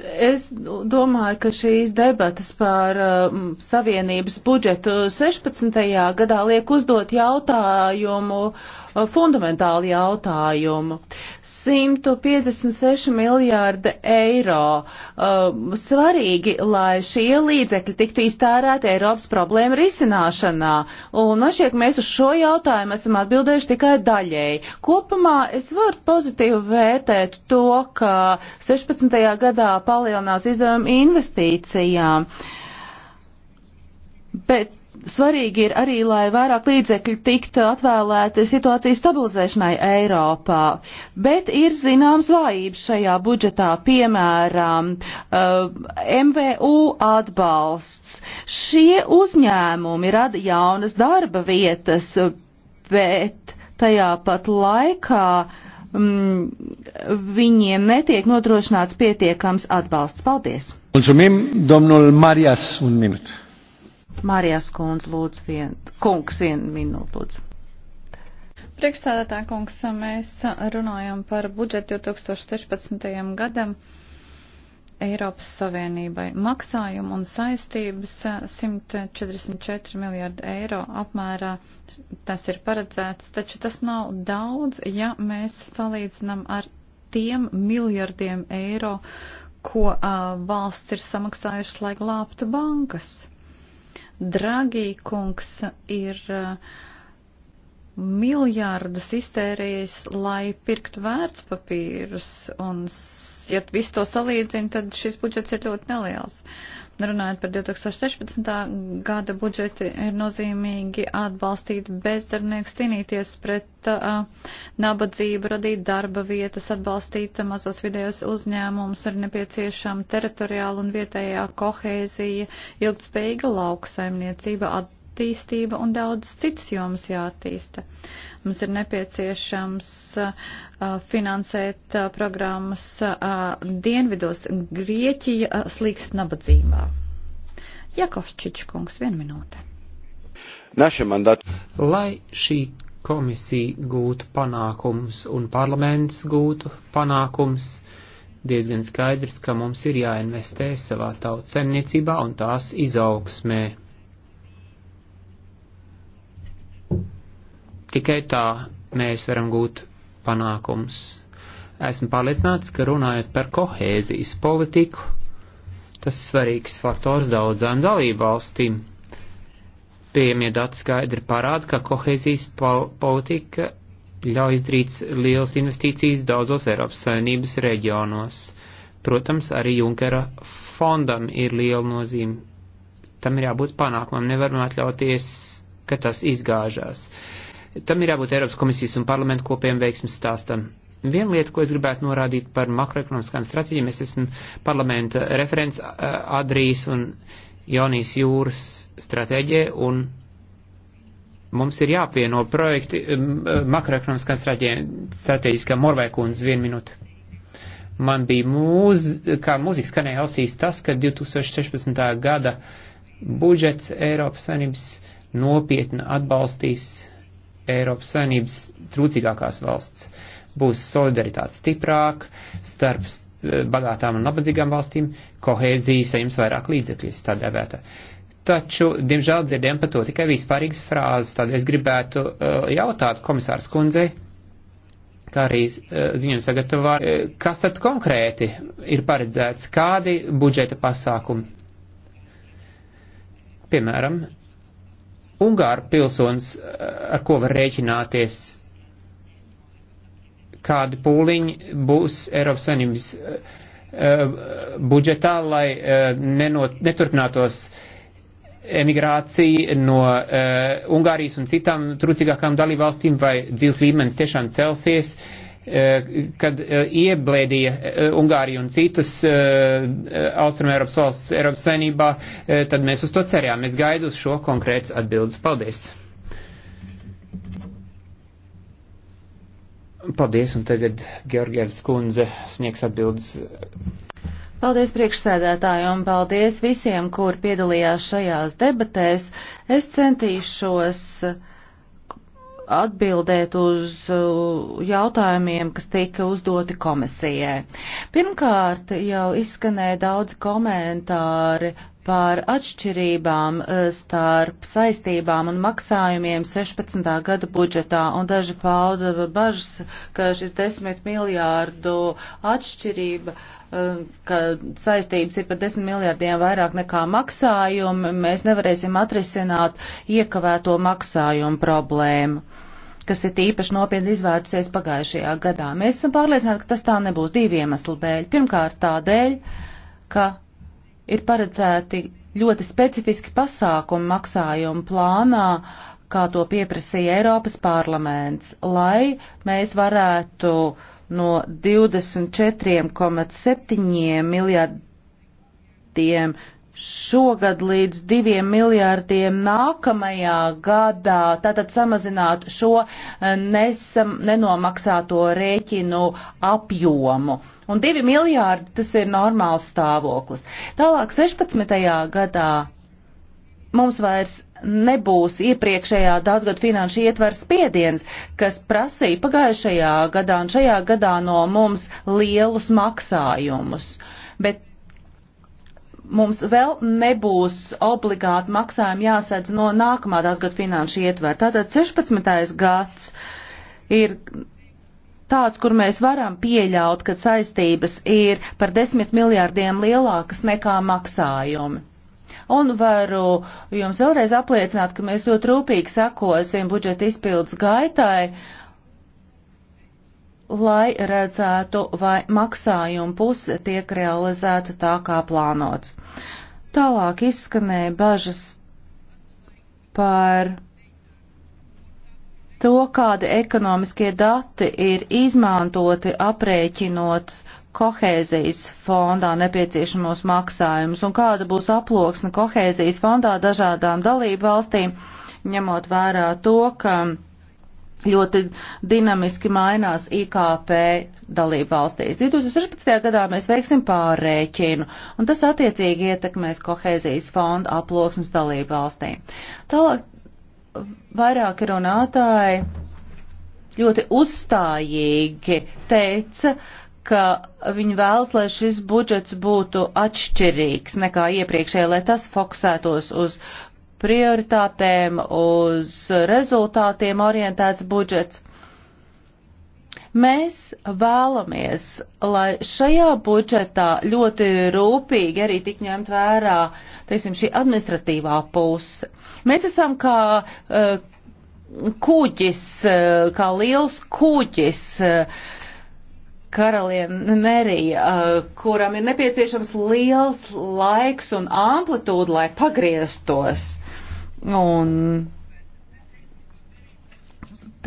Es domāju, ka šīs debatas par um, savienības budžetu 16. gadā liek uzdot jautājumu, uh, Eh, fundamentālu jautājumu. 156 miljārdi eiro. Eh, svarīgi, lai šie līdzekļi tiktu iztērēti Eiropas problēmu risināšanā. Un man šķiet, mēs uz šo jautājumu esam atbildējuši tikai daļēji. Kopumā es varu pozitīvi vērtēt to, ka 16. gadā palielinās izdevumi investīcijām. Bet svarīgi ir arī, lai vairāk līdzekļu tiktu atvēlēti situācijas stabilizēšanai Eiropā, bet ir zināms vājības šajā budžetā, piemēram, eh, MVU atbalsts. Šie uzņēmumi rada jaunas darba vietas, bet tajā pat laikā mm, viņiem netiek nodrošināts pietiekams atbalsts. Paldies! Mulțumim, domnul Marias, un minut. Marijas kundz, lūdzu, vien, kungs, vienu minūtu, lūdzu. Priekšstādātā kungs, mēs runājam par budžetu 2016. gadam Eiropas Savienībai. Maksājumu un saistības 144 miljārdu eiro apmērā tas ir paredzēts, taču tas nav daudz, ja mēs salīdzinām ar tiem miljardiem eiro, ko uh, valsts ir samaksājušas, lai glābtu bankas. Dragī kungs ir uh, miljārdus iztērējis, lai pirktu vērtspapīrus, un, ja visu to salīdzina, tad šis budžets ir ļoti neliels. Uh, runājot par 2016. gada budžeti, ir nozīmīgi atbalstīt bezdarbniekus, cīnīties pret uh, nabadzību, radīt darba vietas, atbalstīt mazos vidējos uzņēmumus, ir nepieciešama teritoriāla un vietējā kohēzija, ilgtspējīga lauksaimniecība, atbalstīt attīstība un daudz cits jomas jāattīsta. Mums ir nepieciešams uh, finansēt uh, programmas uh, dienvidos. Grieķija slīkst nabadzībā. Jakovčič kungs, viena minūte. Naša mandāta. Lai šī komisija gūtu panākums un parlaments gūtu panākums, diezgan skaidrs, ka mums ir jāinvestē savā tautsemniecībā un tās izaugsmē. Tikai tā mēs varam gūt panākums. Esmu pārliecināts, ka runājot par kohēzijas politiku, tas svarīgs faktors daudzām dalībvalstīm. Pieejamie dati skaidri parāda, ka kohēzijas pol politika ļauj izdarīt lielas investīcijas daudzos Eiropas Savienības reģionos. Protams, arī Junkera fondam ir liela nozīme. Tam ir jābūt panākumam, nevaram atļauties, ka tas izgāžās. Uh, Tam ir jābūt Eiropas komisijas un parlamentu kopējiem veiksmes stāstam. Viena lieta, ko es gribētu norādīt par makroekonomiskām stratēģijām, es esmu parlamenta referents Adrijas un Jaunijas jūras stratēģija, un mums ir jāapvieno projekti makroekonomiskā stratēģiskā morvēkundze vienu minūti. Man bija mūz, kā mūzika skanēja ausīs tas, ka 2016. gada budžets Eiropas Sanības nopietni atbalstīs Eiropas Savienības trūcīgākās valsts. Būs solidaritāte stiprāk starp eh, bagātām un nabadzīgām valstīm, kohēzija saņems vairāk līdzekļus tādā vērtā. Taču, diemžēl, dzirdējam par to tikai vispārīgas frāzes, tad es gribētu uh, jautāt komisārs kundzei, kā arī uh, eh, ziņojums sagatavā, uh, kas tad konkrēti ir paredzēts, kādi budžeta pasākumi. Piemēram, Ungāru pilsonis, eh, ar ko var rēķināties, kādi pūliņi būs Eiropas Sanības eh, budžetā, lai eh, nenot, neturpinātos emigrācija no Ungārijas un citām trūcīgākām dalībvalstīm vai dzīves līmenis tiešām celsies. Uh, Eh, kad eh, ieblēdīja eh, Ungārija un citas Austrum Eiropas valsts Eiropas saimnībā, tad mēs uz to cerējām. Es gaidu uz šo konkrēts atbildes. Paldies! Paldies, un tagad Georgievs kundze sniegs atbildes. Paldies priekšsēdētāju un paldies visiem, kur piedalījās šajās debatēs. Es centīšos uh, atbildēt uz uh, jautājumiem, kas tika uzdoti komisijai. Pirmkārt, jau izskanēja daudz komentāri par atšķirībām uh, starp saistībām un maksājumiem 16. gada budžetā, un daži pauda bažas, ka šis 10 miljārdu atšķirība, um, ka saistības ir par 10 miljārdiem vairāk nekā maksājumi, mēs nevarēsim atrisināt iekavēto maksājumu problēmu kas ir īpaši nopietni izvērtusies pagājušajā gadā. Mēs esam pārliecināti, ka tas tā nebūs divu iemeslu dēļ. Pirmkārt, tādēļ, ka ir paredzēti ļoti specifiski pasākumi maksājumu plānā, kā to pieprasīja Eiropas parlaments, lai mēs varētu no 24,7 miljardiem šogad līdz diviem miljārdiem nākamajā gadā, tātad samazināt šo eh, nesam, nenomaksāto rēķinu apjomu. Un divi miljārdi tas ir normāls stāvoklis. Tālāk 16. gadā mums vairs nebūs iepriekšējā daudzgad finanšu ietvers spiediens, kas prasīja pagājušajā gadā un šajā gadā no mums lielus maksājumus. Bet mums vēl nebūs obligāti maksājumi jāsēdz no nākamā tās gada finanšu ietver. Tātad 16. gads ir tāds, kur mēs varam pieļaut, ka saistības ir par 10 miljārdiem lielākas nekā maksājumi. Un varu jums vēlreiz apliecināt, ka mēs ļoti rūpīgi sakosim budžeta izpildes gaitai. Uh, lai redzētu, vai maksājuma puse tiek realizēta tā, kā plānots. Tālāk izskanēja bažas par to, kādi ekonomiskie dati ir izmantoti aprēķinot kohēzijas fondā nepieciešamos maksājumus un kāda būs aploksne kohēzijas fondā dažādām dalību valstīm, ņemot vērā to, ka ļoti dinamiski mainās IKP dalību valstīs. 2016. gadā mēs veiksim pārrēķinu, un tas attiecīgi ietekmēs kohēzijas fonda aploksnes dalību valstīm. Tālāk vairāki runātāji ļoti uzstājīgi teica, ka viņi vēlas, lai šis budžets būtu atšķirīgs nekā iepriekšējā, lai tas fokusētos uz prioritātēm, uz rezultātiem orientēts budžets. Mēs vēlamies, lai šajā budžetā ļoti rūpīgi arī tik ņemt vērā, teiksim, šī administratīvā puse. Mēs esam kā uh, kuģis, uh, kā liels kuģis. Uh, eh, karaliene Merija, uh, kuram ir nepieciešams liels laiks un amplitūda, lai pagrieztos. Un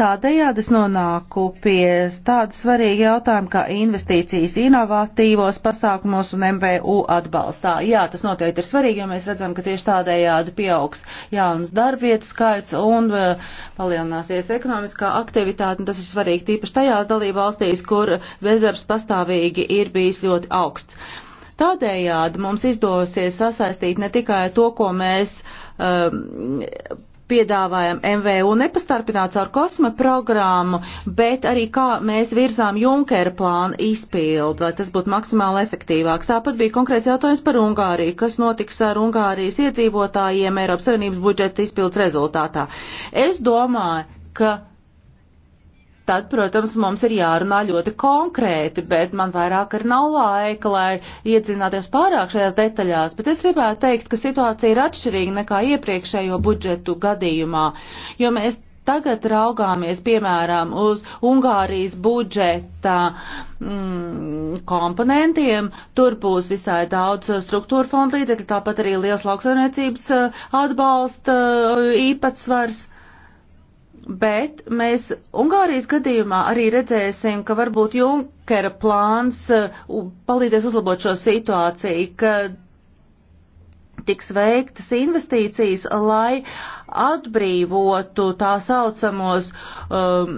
Tādējādi es nonāku pie tāda svarīga jautājuma, kā investīcijas inovatīvos pasākumos un MVU atbalstā. Jā, tas noteikti ir svarīgi, jo mēs redzam, ka tieši tādējādi pieaugs jaunas darbvietu skaits un e, palielināsies ekonomiskā aktivitāte, un tas ir svarīgi tīpaši tajās dalība valstīs, kur bezdarbs pastāvīgi ir bijis ļoti augsts. Tādējādi mums izdosies sasaistīt ne tikai to, ko mēs um, piedāvājam MVU nepastarpināts ar kosma programmu, bet arī kā mēs virzām Junkera plānu izpildu, lai tas būtu maksimāli efektīvāks. Tāpat bija konkrēts jautājums par Ungāriju, kas notiks ar Ungārijas iedzīvotājiem Eiropas Savienības budžeta izpildes rezultātā. Es domāju, ka tad, protams, mums ir jārunā ļoti konkrēti, bet man vairāk arī nav laika, lai iedzināties pārāk šajās detaļās. Bet es gribētu teikt, ka situācija ir atšķirīga nekā iepriekšējo budžetu gadījumā, jo mēs tagad raugāmies, piemēram, uz Ungārijas budžeta mm, komponentiem, tur būs visai daudz uh, struktūra fonda līdzekļu, tāpat arī liels lauksaimniecības uh, atbalsta uh, īpatsvars. Bet mēs Ungārijas gadījumā arī redzēsim, ka varbūt Junkera plāns uh, palīdzēs uzlabot šo situāciju, ka tiks veiktas investīcijas, lai atbrīvotu tā saucamos um,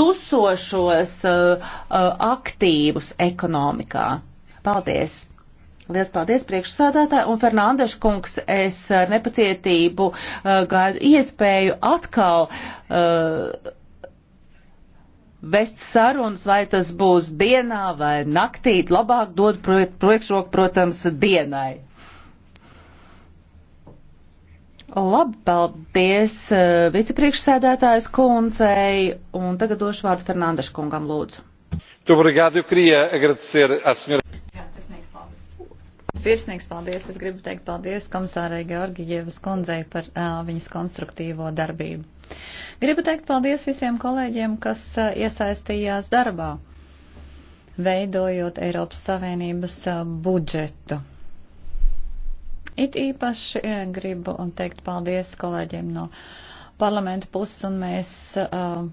dusošos uh, uh aktīvus ekonomikā. Paldies! Liels paldies priekšsādātāji un Fernandeša kungs, es ar nepacietību uh, gaidu iespēju atkal uh, vest sarunas, vai tas būs dienā vai naktī, labāk dod priekšroku, protams, dienai. Labi, paldies uh, vicepriekšsēdētājs kundzei, un tagad došu vārdu Fernandeša kungam lūdzu. Obrigado, eu queria agradecer à senhora. Virsnīgs paldies. Es gribu teikt paldies komisārai Georgijievas kundzei par uh, viņas konstruktīvo darbību. Gribu teikt paldies visiem kolēģiem, kas uh, iesaistījās darbā, veidojot Eiropas Savienības uh, budžetu. It īpaši uh, gribu teikt paldies kolēģiem no parlamenta puses, un mēs. Uh,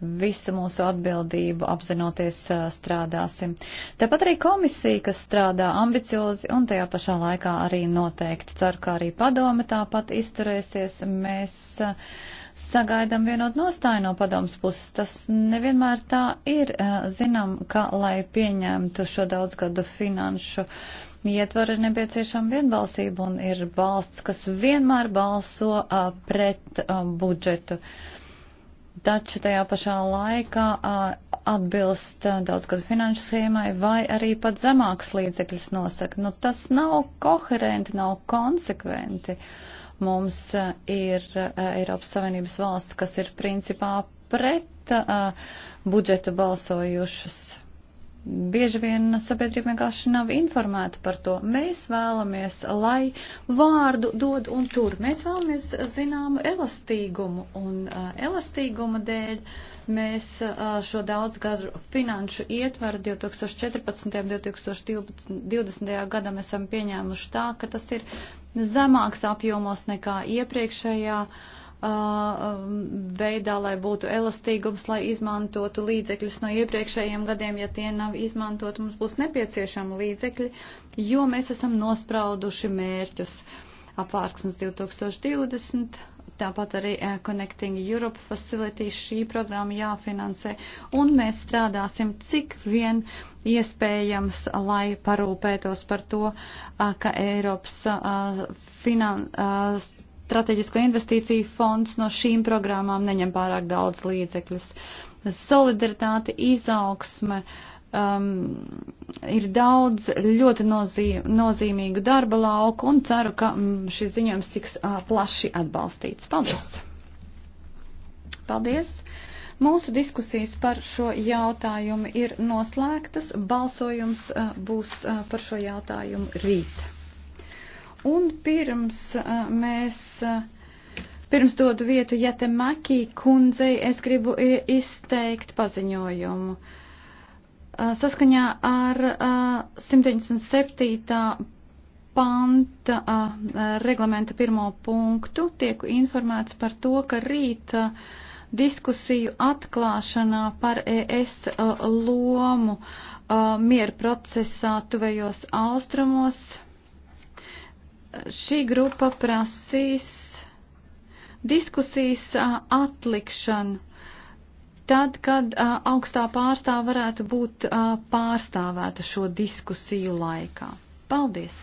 visu mūsu atbildību apzinoties strādāsim. Tāpat arī komisija, kas strādā ambiciozi un tajā pašā laikā arī noteikti. Ceru, ka arī padome tāpat izturēsies. Mēs sagaidām vienot nostāju no padomas puses. Tas nevienmēr tā ir. Zinām, ka, lai pieņemtu šo daudzgadu finanšu ietvaru, ir nepieciešama vienbalsība un ir valsts, kas vienmēr balso pret budžetu. Uh, taču tajā pašā laikā atbilst daudzgadu finanšu schēmai vai arī pat zemāks līdzekļus nosaka. Nu, tas nav koherenti, nav konsekventi. Mums ir Eiropas Savienības valsts, kas ir principā pret budžetu balsojušas Bieži vien sabiedrība vienkārši nav informēta par to. Mēs vēlamies, lai vārdu dod un tur. Mēs vēlamies zināmu elastīgumu, un uh, elastīguma dēļ mēs uh, šo daudzgadu finanšu ietvaru 2014. un 2020. gadam esam pieņēmuši tā, ka tas ir zemāks apjomos nekā iepriekšējā. Uh, veidā, lai būtu elastīgums, lai izmantotu līdzekļus no iepriekšējiem gadiem. Ja tie nav izmantot, mums būs nepieciešama līdzekļi, jo mēs esam nosprauduši mērķus apvārksnes 2020. Tāpat arī Connecting Europe Facility šī programma jāfinansē, un mēs strādāsim cik vien iespējams, lai parūpētos par to, ka Eiropas finan strateģisko investīciju fonds no šīm programmām neņem pārāk daudz līdzekļus. Solidaritāte, izaugsme, um, ir daudz ļoti nozīm, nozīmīgu darba lauku un ceru, ka mm, šis ziņojums tiks uh, plaši atbalstīts. Paldies! Paldies! Mūsu diskusijas par šo jautājumu ir noslēgtas. Balsojums būs par šo jautājumu rīt. Un pirms uh, mēs. Uh, pirms dodu vietu Jatemakī kundzei, es gribu izteikt paziņojumu. Uh, saskaņā ar 197 panta a, reglamenta pirmo punktu tieku informēts par to, ka rīt a, diskusiju atklāšanā par ES a, lomu mieru procesā tuvējos austrumos šī grupa prasīs diskusijas atlikšanu tad, kad augstā pārstāv varētu būt pārstāvēta šo diskusiju laikā. Paldies!